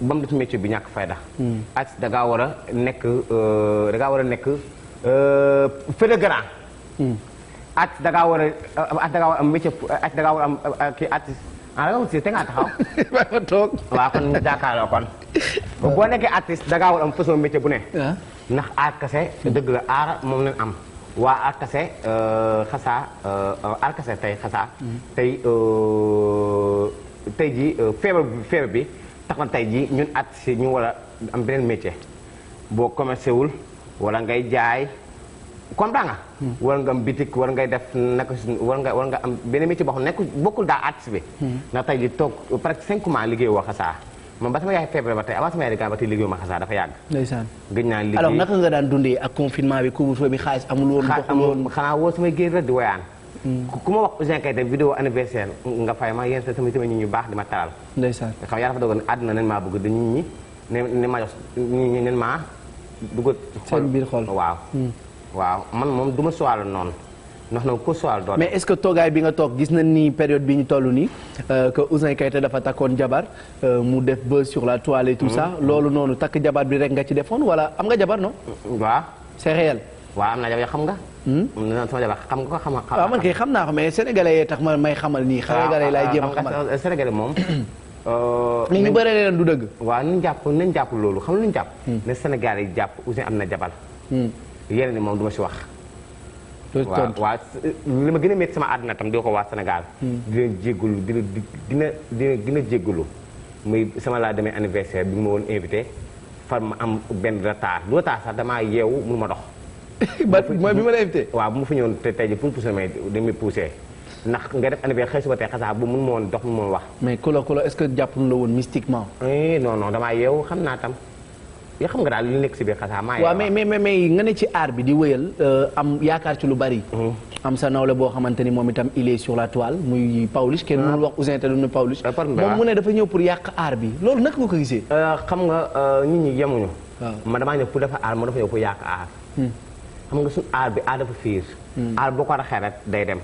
ba mu def métier bi ñàkk fayda mm. artiste dangaa war a nekk euh, dangaa war a nekk euh, fële grand mm. artiste dangaa war a euh, artiste dangaa war war a am kii artiste alors aussi te ngaa taxaw. maa ngi toog. kon jàkkaarloo kon. boo nekkee artiste da ngaa war am façon métier bu ne. Ah. ndax aar kase dëgg la aar moom lañ am. waa aar kase euh, xasaa aar euh, kase tey xasaa. Mm-hmm. tey euh, tey jii feebar bi tax na tey jii ñun artiste ñu war a am beneen métier boo commercé wul wala ngay jaay. comprends nga. Hmm. war nga bitik war ngay def nekk war nga war nga am benn métier boo nekk bokkul daa artiste bi. Hmm. ndax tey jii toog presque cinq mois liggéeyoo xasaa man ba sama yaay feebar ba tey avant sama yaay dikkaat ba tey liggéeyuma xasaa dafa yàgg. ndeysaan gëj naa liggéey alors nga daan dundee ak confinement bi couvre-feu bi xaalis amul woon. doxul woon xanaa woo samay géej rek di woyaan. Hmm. ku ma wax Ouzin Keita vidéo anniversaire nga fay ma yéen sama sama nit ñu baax di ma taral. ndeysaan xam yàlla dafa dogal àdduna maa bëgg dañu ñi ne ne maa jox ne maa dugg. waaw man moom du ma suwaal noonu ndax nag ku suwaal doon mais est-ce que toogaay bi nga toog gis na ni période bi ñu toll nii euh, que Ouzin Keita dafa takkoon jabar euh, mu def buzz sur la toile et tout mm-hmm. ça loolu noonu takk jabar bi rek nga ci defoon wala am nga jabar non waa c'est waa am na jabar xam nga hmm? sama jabar xam nga ko xam nga waaw man xam naa ko mais sénégalais yee tax ma may xamal nii sénégalais laay ah, jéem a xamal euh, sénégalais moom mais ñu bëri leen du dëgg waa nañ jàpp nañ jàpp loolu xam nañ jàpp hmm. ne sénégalais yi jàpp Ouzin am na jabar hmm. yeneen ni moom du ma si wax waaw ma gën a métti sama àdduna tam di ko waa Sénégal hmm. dina jéggalu dina dina dina dina jéggalu muy sama laa demee anniversaire bi ma woon invité fan ma am benn retard lu retard sax damaa yeewu mënu ma dox mooy bi ma la invité waaw bu ma fa ñëwoon te tey ji fu mu poussé may damay poussé ndax nga def anniversaire xëy suba xasaa bu mun ma woon dox mun ma woon wax mais ku la est-ce que jàpp la woon mystiquement eh, non naa tam yaa xam nga daal li nekk si biir xasaa maa waaw mais mais mais nga ne ci aar bi di wéyal euh, am yaakaar ci lu bari. Mm-hmm. am sa nawle boo xamante ni moom itam il est sur la toile muy Pawlish kenn mënul mm-hmm. wax Ouzin te du ne Pawlish moom mu ne ah. dafa ñëw pour yàq aar bi loolu naka ko ko gisee euh, xam nga euh, nit ñi yemuñu ma damaa ñëw pour dafa aar ma dafa ñëw pour yàq aar hmm. xam nga suñu aar bi aar dafa fiir hmm. aar boo ko raxee rek day dem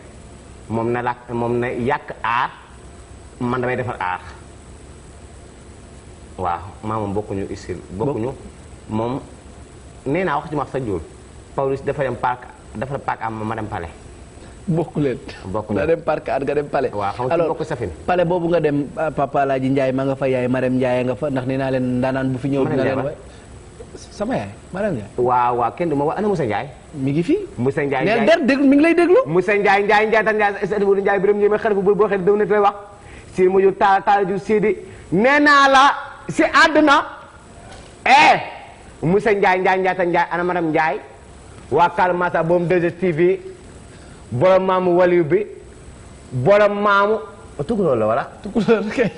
moom na làkk moom na yàq aar man damay defar aar waaw maamam bokkuñu isil bokkuñu moom nee naa wax ci ma sax juul Pawlish dafa dem parc dafa dem parc am ma dem Palais. bokku leen bokku leen nga dem parc at nga dem Palais. waaw xam nga bokk safin Palais boobu dem ah, Papa ma nga fa yaay Marème Ndiaye nga fa ndax nee naa leen ndaanaan bu fi ñëw. dina leen wa sama yaay Marème Ndiaye. waaw waaw kenn du ma wax ana Moussa Ndiaye. mi ngi fi. Moussa Ndiaye Ndiaye der déglu mi ngi lay déglu. Moussa Ndiaye Ndiaye Ndiaye tan Ndiaye Sëñ Ndiaye Birame Ndiaye ma xel bu boo xel dëw na lay wax. Sine Moussa si àddina eh monsieur Ndiaye Ndiaye Ndiaye ta Ndiaye ana madame Ndiaye waa Kal Massa boom 2STV borom maamu waliyu bi borom maamu oh, tukulóor la wala tukulóor kay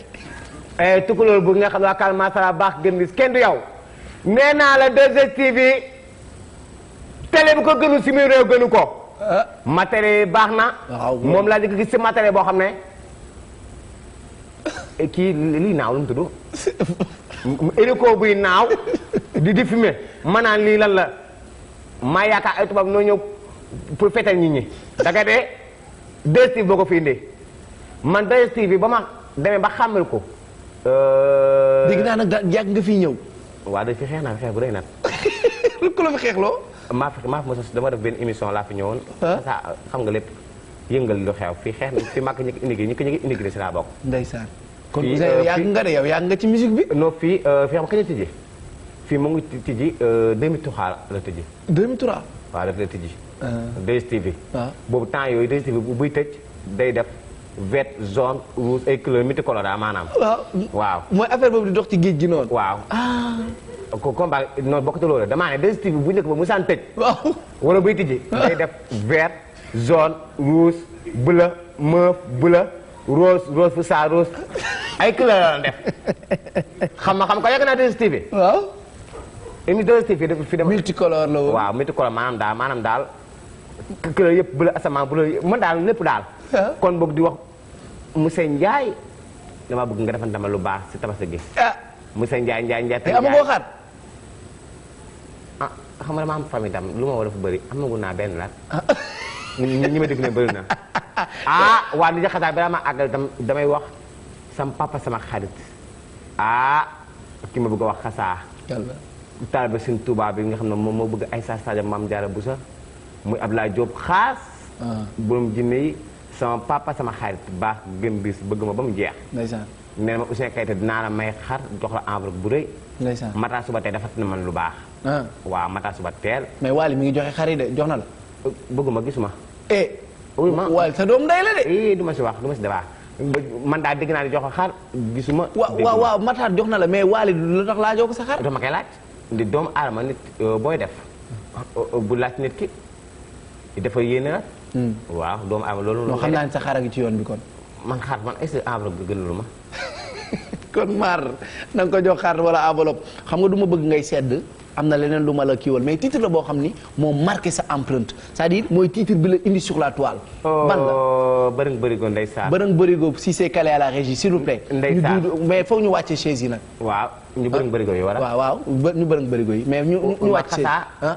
eh tukulóor bu nga xam waa Kal Massa baax gën gis kenn du yow nee naa la 2STV télé bu ko gënu si muy réew gënu ko ah. matériel baax na moom laa di ko gis si matériel boo xam ne kii lii naaw lu mu tudd hélico buy naaw di di fumé ma naan lii lan la maa yaakaar ay tubaab noo ñëw pour fetal nit ñi danga dee destive boo ko fi indee man destive bi ba ma demee ba xàmmel ko dégg naa nag nga fi ñëw waa da fi xeex naa fi xeex bu doy nag ku la fi xeexloo maa fi maa fi ma dama def benn émission laa fi ñëwoon xam nga lépp yëngal lu xew fii xeex na fi màkk ñi ko immigré ñi ko ñi ko immigré si laa bokk ndeysaan kon Ouzin yàgg euh, nga de yow yàgg nga ci musique bi. non fii euh, fii xam nga kañ la tijji fii mu ngi tijji 2003 euh, la tijji. 2003. waaw daf la tijji. 2STV. waaw ah. boobu temps yooyu 2STV bu buy day def. vert jaune rouge ay couleur maanaam. waaw mooy affaire boobu di ci géej gi noonu. waaw ah. ko comme noonu bokkatu loolu bu njëkk ba mu saan tëj. wala buy tijji. day def vet jaune rouge bleu meuf bleu rose rose fu saa rose. ay kilo la def xam ma xam ko yàgg naa 2STV. waaw. émi 2STV daal maanaam daal. kilo yëpp daal lépp daal. kon boog di wax monsieur Ndiaye dama bëgg nga defal dama lu baax si tabaski gi. ah monsieur Ndiaye Ndiaye Ndiaye. te amagoo xar ah xam nga dama am famille tam lu ma war a fu bëri amagu naa benn laat. Ah. ñi ma déglu ne bëri na. ah waa li nga xam ma àggal damay wax. sam papa sama xarit ah ki ma bëgg a wax xasaa taalibe suñ Tuubaa bi nga xam ne moom moo bëgg ay saa sadio maam jaara busa muy laa Diop xaas ah. borom jinne yi sama papa sama xarit baax gën bis bëgg ma ba mu jeex nee ma Ouzin Keita dinaa la may xar jox la enveloppe bu rëy mataa suba teel dafa na man lu baax ah. waaw mataa suba teel mais Waly mi ngi joxe xar yi de jox na la bëgguma gisuma eh Waly sa doom day la de eh, du ma si wax du ma si dabaax man daal dégg naa ne jox ko xar gisuma. dégg waaw waaw Matar jox na la mais waale lu tax laajoo ko sa xar. dama koy laaj ndi doomu aadama nit euh, booy def euh, bu laaj nit ki dafa yéene la. Hmm. waaw doomu aadama loolu. loolu xam naa ne sa xar a ngi ci yoon bi kon. man xar man est-ce que enveloppe gënalu ma. kon maar na nga ko jox xar wala enveloppe xam nga du bëgg ngay sedd. am na leneen lu ma la kiiwal mais titre la boo xam ni moo marqué sa empreinte c'est-à-dire mooy titre bi la indi sur la toile. Oh, ban la bërëng bërigo ndeysaan. bërëng bërigo si la régie s'il vous plaît. ñu mais foog ñu wàcce chaise yi nag. waaw ñu bërëng ah. bërigo waaw waaw ñu bërëng bërigo yi mais ñu ñu wàcce chaise ah.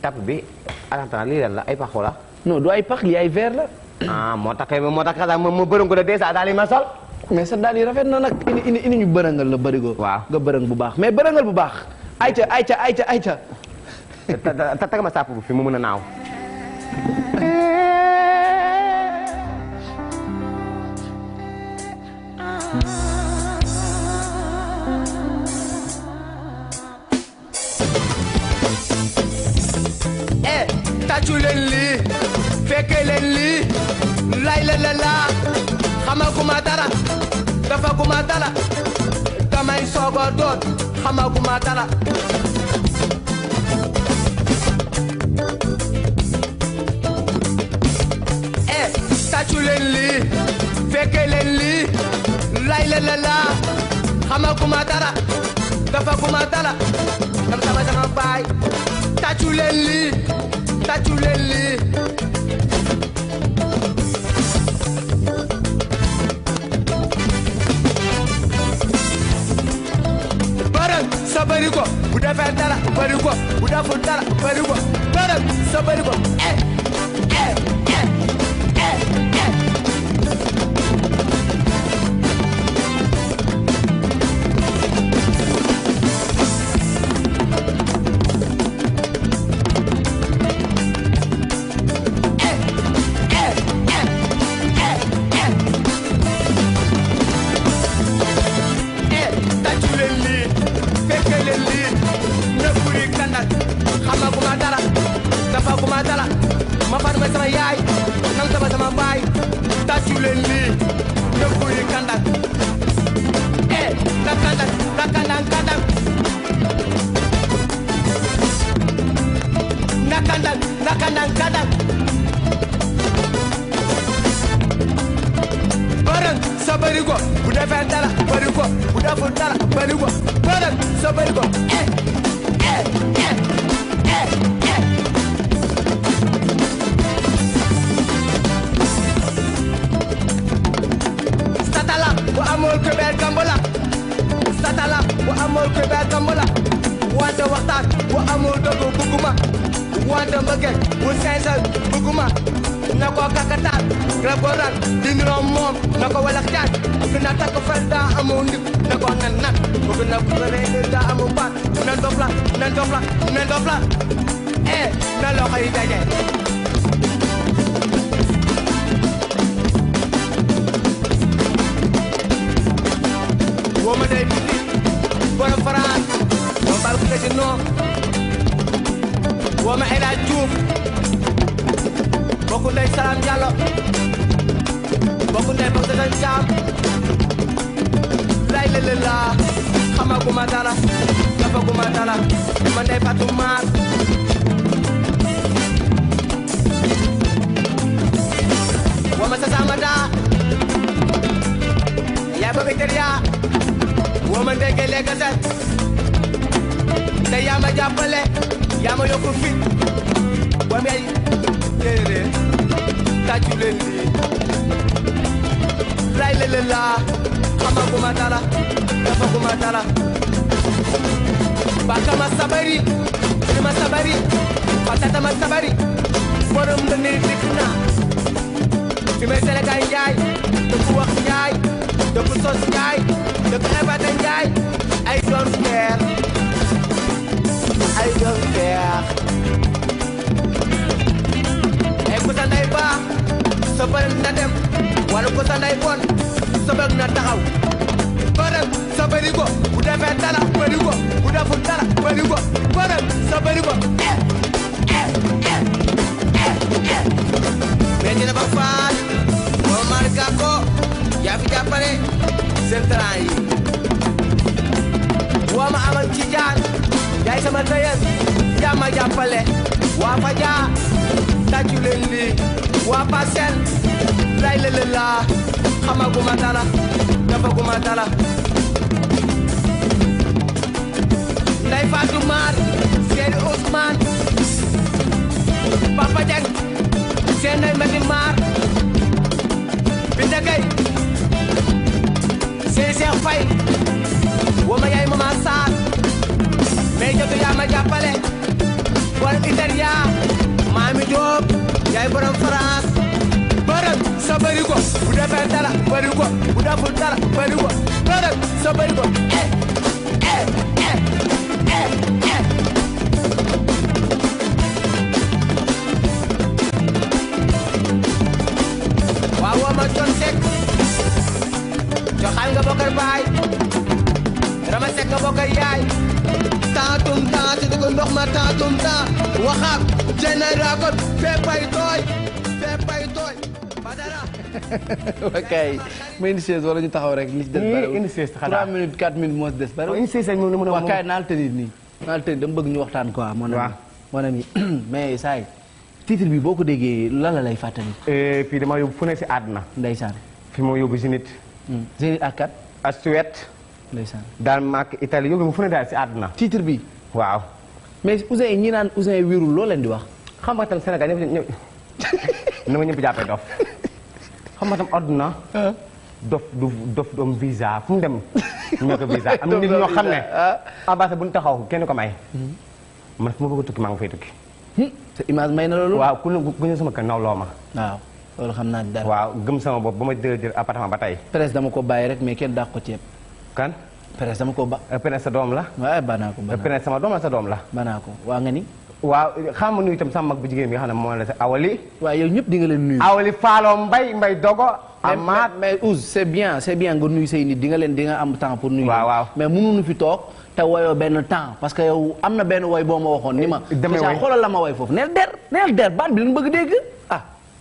tap bi attends lii la ay pax wala. non du ay pax lii ay verre la. ah moo tax moo tax xanaa moom moo bërëngu la daal di ma sol. mais sa daal yi rafet na nag indi indi ñu nga bërëng bu baax mais bërëngal bu baax ayca ayca ayca ayca. te teg ma sàpp fi mu mën a naaw. eh tàccu leen lii fekke leen lii lay la la laa xamaguma dara dafaguma dara damay soog a doon. xamaguma dara eh tàccu leen lii fekke leen lay la la la xamaguma dara dafaguma dara dam sama sama baay tàccu leen lii tàccu leen lii sa bëri ko bu defee dara bëri ko bu deful dara bëri ko bërëb sa bëri ko eh eh amaguma dara dafaguma dara ma far ma sama yaay nang sama sama mbaay tàccu leen lii ñëpp yi kandak eh da kandak da kandak kandak na kandak na kandak kandak bërëng sa bëri ko bu defee dara bëri ko bu deful dara bëri ko bërëng sa bëri ko eh amoon kébee gamb la satala bu amoon wante waxtaan bu amul dëgg bëgguma wante mbëggeel bu sincère bëgguma na ko kakataan rab ko ran dindiroom moom na ko walax jaan bëgg na takk fel daa amul ndig na ko nen nat bëgg na ko rëy daa amul baat nen dof la nen dof eh, na loxo yi Goma day bilis borom France moom Babacar Gaye noo woo ma El Hadj Diouf bokk ndey Salam Diallo bokk ndey Mokhtar Thiam lay lële laa xamaguma dara jafaguma dara ma ndey Fatou Maar woo ma Sasa Amada yaa bëgg a woo ma ndéggee léegi sax te yaa ma jàppale yaa ma yokk fit ba mu yàgg déedéet tàccu leen lii ray la leen laa xamaguma dara defaguma dara baka ma sabari li ma sabari patata ma sabari borom la ne dikk naa fi may Sénégal njaay dëkk wax njaay dëkk sos Njaay dëkk Evata Njaay ay doon feer ay doon feer ay ku sa ndey baax sa bëreeg na dem wala ku sa ndey bon sa bëgg na taxaw bërëb sa bëri ko bu defee dara bëri ko bu deful dara bëri ko bërëb sa bëri ko mais dina ba faal yaa fi seen talent yi woo ci jaar yaay sama tayal yaa ma jàppale waa Faja tàccu leen lii waa Parcelles lay lële laa xamaguma dara defaguma dara Ndeye Fatou Mar Seydou Ousmane Papa Dieng seen nay Mati Mar bi ndekay yaay Cheikh Faye wo ma yaay Mama Sarr mais jotu yaa ma jàppale war Italia Maami Diop yaay borom France bërëb sa bëri ko bu defee dara bëri ko bu deful dara bëri ko bërëb sa bëri ko eh eh eh eh waaw ma Thione Seck joxal nga bokkar baay ramasek nga bokkar yaay taatum taa si dugg ndox ma taatum taa waxaab général ko peppay tooy peppay kay ma indi chaise ñu taxaw rek. li ci des bariwul indi chaise xanaa 3 moom waaw kay naal tënit nii. naal tënit dama bëgg ñu waxtaan quoi. waaw mon mais saa yi titre bi boo ko déggee lan la lay fàttali. et eh, puis fu ne si àdduna. ndeysaan fi ma yóbbu si nit. Zénith ak kat. ak Suède. ndeysaan Danemark Italie yóbbu mu fu ne daal si àdduna. titre bi waaw. mais Ouzin ñi naan Ouzin wérul loo leen di wax. xam nga tam Sénégal ñëpp ñëpp na ma ñëpp jàppee dof xam nga tam àdduna. Ah. du dof du am visa mu dem. ñoo ko visa am na nit ñoo xam ne. Ah. ambassade bu ñu taxaw kenn ko may. Hmm. man fu ma bëgg a tukki maa ngi tukki. Hmm. sa image may na loolu. waaw ku ne sama kan naw loo ma. loolu xam naa dara waaw gëm sama bopp ba ma jëlee jël ba tey. presse dama ko bàyyi rek mais kenn dàq ko ceeb. kan. presse dama ko ba. Euh, presse sa doom la. waaw banaa ko banaa euh, presse sama doom sa doom la. banaa ko waa nga ni. waaw xam nga nuyu itam sama mag bi nga xam ne moom di nga leen nuyu. awali mais mais Ousse c'est bien c'est bien nga nuyu say nit am temps pour. nuyu waaw waaw mais mënuñu fi toog. te woyoo benn temps parce que yow am na benn woy boo ma waxoon ni ma. demee woy xoolal la ma woy baat bi lu ñu bëgg dégg ah,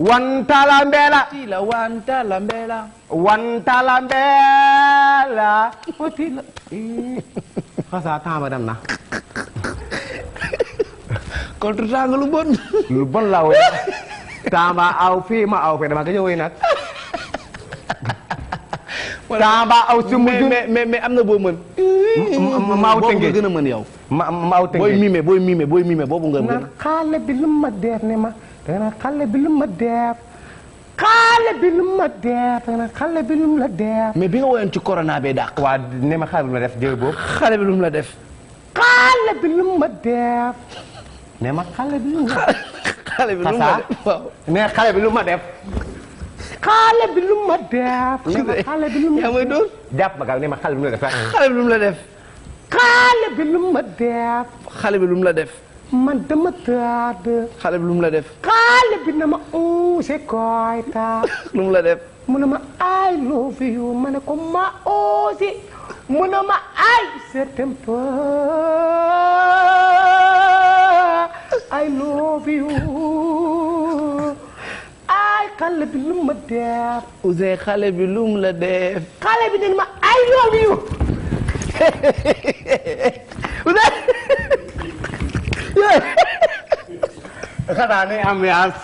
Wantalambela. Utila wantalambela. Wantalambela. Utila. ภาษาตามาดำนะ contre temps nga lu bon. lu bon laa wey Tamba aw fii ma aw fee dama gëj a wey nag. Tamba aw si mujj. mais mais mais am na boo mën. maaw tënkee boo gën a mën yow. ma maaw tënkee booy mime booy mime booy mime boobu nga mën. xaale bi lu ma deer ne ma. danga naan xale bi lu ma def xale bi lu ma def danga naan xale bi lu mu la def. mais bi nga woyoon ci corona bee dàq. waa ne ma xale bi lu ma def jël boobu. xale bi lu mu la def. xale bi lu ma def. ne ma xale bi lu ma def. xale bi lu ma def waaw ne xale bi lu ma def. xale bi lu ma def. ne ma xale bi lu ma def yaa may doon. jàpp ma gaaw ne ma xale bi lu ma def. xale bi lu ma la def. xale bi lu ma def. xale bi lu ma la def. man dama tëdd. xale bi lu la def. xale bi na ma oose koyta. lu mu la def. mu ne ma I love you ma ne ko ma mu ne ma ay septembre I love you ay xale bi lu ma def. oose xale bi lu la def. xale bi ne ma I love you. xanaa ni ambiance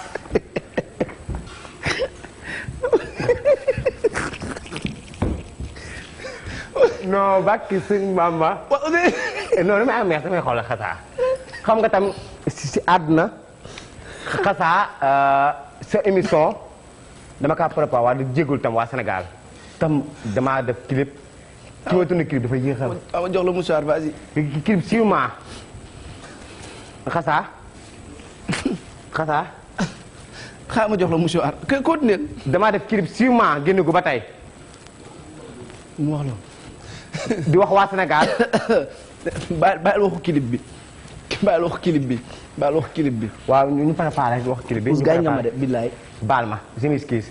non bàkki sëñ Bamba noonu ma ambiance damay xool xasaa xam nga tam si àdduna xasaa eh, sa émission dama kaa préparé waa di jégul tam waa Sénégal tam damaa def clip ci ma tourné clip dafa yéexal waaw jox la mouchoir vas-y clip sûrement xasaa xasaa xaa ma jox la monsieur ar kay continuer damaa def clip six mois génn gu ba tey mu wax la di wax waa Sénégal baal baal waxu clip bi baal waxu clip bi baal waxu clip bi waaw ñu préparé waxu clip bi us gaañ nga ma de billaay baal ma je m'excuse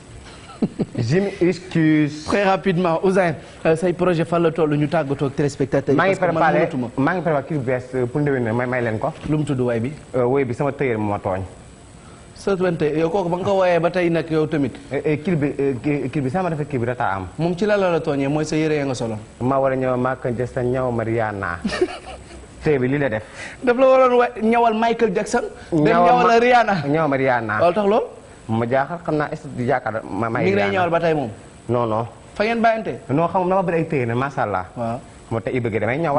je m'excuse. très rapidement Ouzin euh, say projet fan la toll ñu tàggatoo ak téléspectateur yi. parce que man mënatuma maa ngi préparé kii bu bees euh, pour ndewin may may leen ko. lu mu tudd waay bi. Euh, waay bi sama tëyër moo ma tooñ. sa wente yow ba nga ko wooyee ba tey nag yow tamit. kii bi kii bi sama dafa kii bi da taa am. moom ci la la la tooñee mooy sa yére nga solo. maa war a ñëw maa ko jës sa ñaw Mariana. tey bi li la def. daf la waroon wa ñawal Michael Jackson. ñawal ma dem ñawal Rihanna. ñawal ma Rihanna loolu tax loolu. ma jaaxal xam naa est ma may. mi ngi lay ba tey moom. non non. fa ngeen bàyyante. non nga dama bëri ay téye na macha allah. waaw moo tax Ibou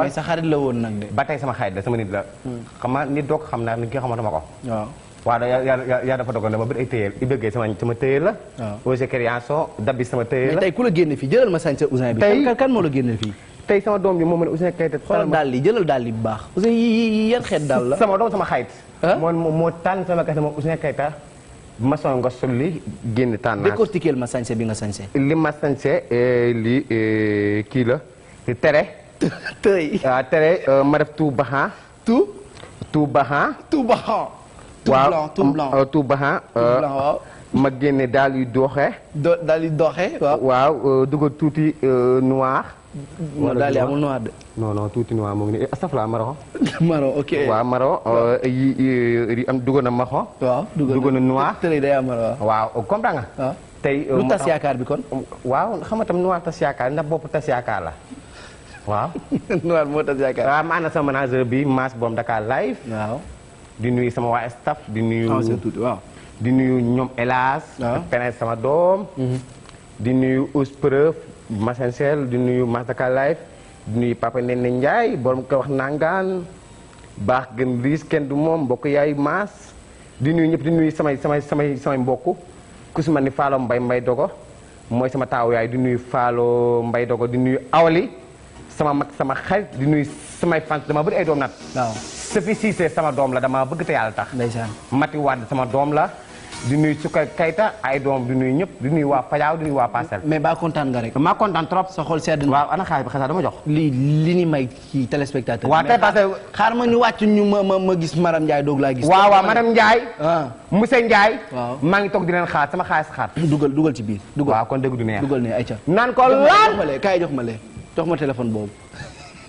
sa xarit la woon nag de. ba sama xarit la sama nit la. Hmm. xam nga nit naa nit ki xamatuma ko. waaw waaw yaa yaa dafa dogal dama bëri ay téye Ibou Guèye ma sànq bi. tey kan kan moo la bi moom la Ousseyn Kayte. xoolal bu baax. Ousseyn yi yan xeet daal la. sama doom sama xarit. moo moo tànn sama Kayta ma sol nga sol li génn tànnaas. décortiquer ma sañse bi nga sañse. li ma sañse eh, li eh, kii la tere. tey waaw ah, tere euh, ma def tout bahan. tout. ma génne daal yu doxe. daal yu doxe waaw. waaw euh, tuuti euh, noir. waaw daal di amul noir de. non tuuti noir moo ngi nii astafurlah maro. maro ok waaw maro. Euh, yi am dugg na maxo. waaw dugg na noir tële day am maro nga. Ah. tey euh, lu tas yaakaar bi kon. waaw xam nga tam noir tas yaakaar ndax bopp tas yaakaar la. waaw. noir moo tas yaakaar. ma ànd sama manager bi Mass Borom Dakar live. di nuyu sama waa staff di nuyu. Ah, waaw di nuyu ñoom hélas. waaw ah. sama doom. Mhm. di nuyu Ousse Preuve. Massensel di nuyu Masaka Life di nuyu Papa Nene Ndiaye borom ko wax nangaan baax gën riis kenn du moom mbokk yaay maas di nuyu ñëpp di nuyu samay samay samay samay mbokk ku si man ni Faalo Mbay Mbay Dogo mooy sama taaw yaay di nuyu Faalo Mbay Dogo di nuyu Awali sama mag sama xarit di nuyu samay fans dama bëri ay doom nag. waaw Sophie sama doom la dama bëgg te yàlla tax. Mati Wade sama doom la. di nuyu Cukay Kayta ay doom du nuyu ñëpp di nuyu waa Fajaaw di nuyu waa Parcelles. mais ba kontaan nga rek. maa kontaan trop. sa xol sedd na waaw ana xaalis bi xasaar dama jox. lii li ni may ci téléspectateur. waaw tey parce que xaar ma ñu wàcc ñu ma ma ma gis Maram Ndiaye doog laa gis. waaw waaw madame Ndiaye. Ah. monsieur Ndiaye. waaw maa ngi toog di leen xaar sama xaalis xaar. dugal dugal ci biir. dugal waaw kon dégg du neex. dugal ne ayca. naan ko lan jox ma lee kaay jox ma lee jox ma téléphone boobu.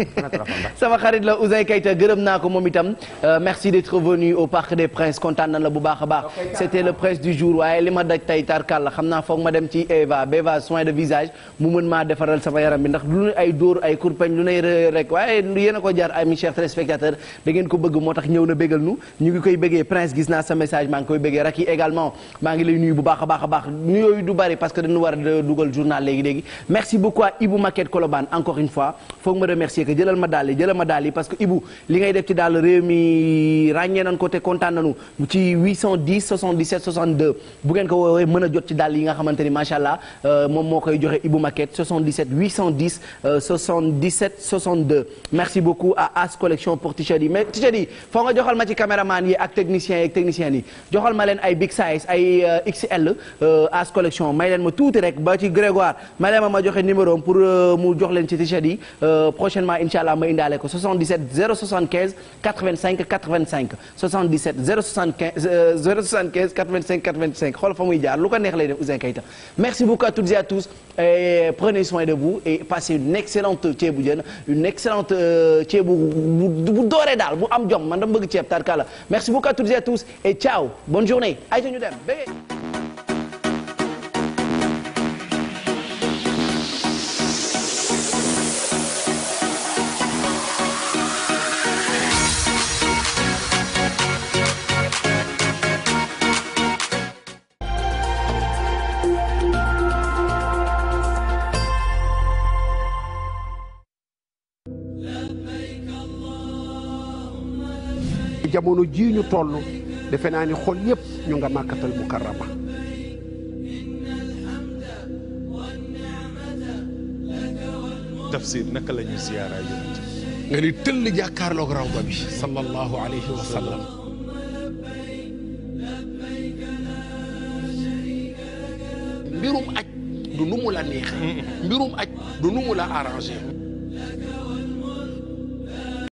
sama xarit la Ouzin Keita gërëm naa ko moom itam euh, merci d'être venu au Parc des Princes kontaan na la bu baax a baax c'était le prince du jour waaye li ma daj tey tarkal la xam naa foog ma dem ci Eva Beva soin de visage mu mën maa defaral sama yaram bi ndax lu ne ay dóor ay kurpeñ lu ne rek waaye yéen ko jaar ay mes chers téléspectateurs da ko bëgg moo tax ñëw na bégal nu ñu ngi koy bëggee prince gis naa sa message maa ngi koy bëggee Raki également que jëlal ma daal yi jëlal ma daal yi parce que Ibou li ngay def ci daal réew mi ràññee nañ ko te kontaan nañu ci 810 77 62 bu mën a jot ci daal yi nga xamante ni allah euh, moom moo koy joxe Ibou Maquette euh, merci beaucoup à As Collection pour t yi mais t yi foo nga joxal ma ci caméraman yi ak techniciens yi ak techniciennes yi joxal ma leen ay big size ay euh, XL As Collection may leen ma tuuti rek ba ci Grégoire may leen ma ma joxe numéro am pour mu prochainement incha allah ma indaale ko 77 075 85 85 77 075 075 85 85 xool fa muy jaar lu ko neex lay def Ouzin Keita merci beaucoup à toutes et à tous et prenez soin de vous et passez une excellente ceebu jën une excellente euh, ceebu bu bu dooree daal bu am jom man dama bëgg ceeb tarkala merci beaucoup à toutes et à tous et ciao bonne journée ay ñu dem jamono jii ñu toll defe naa ni xol yépp ñu nga màkkatal mukarrama tafsir naka la ñu ziyaara yonent nga ni tëll jàkkaarloog rawda bi sallallahu alayhi wa sallam mbirum aj du nu mu la neex mbirum aj du nu mu la arrangé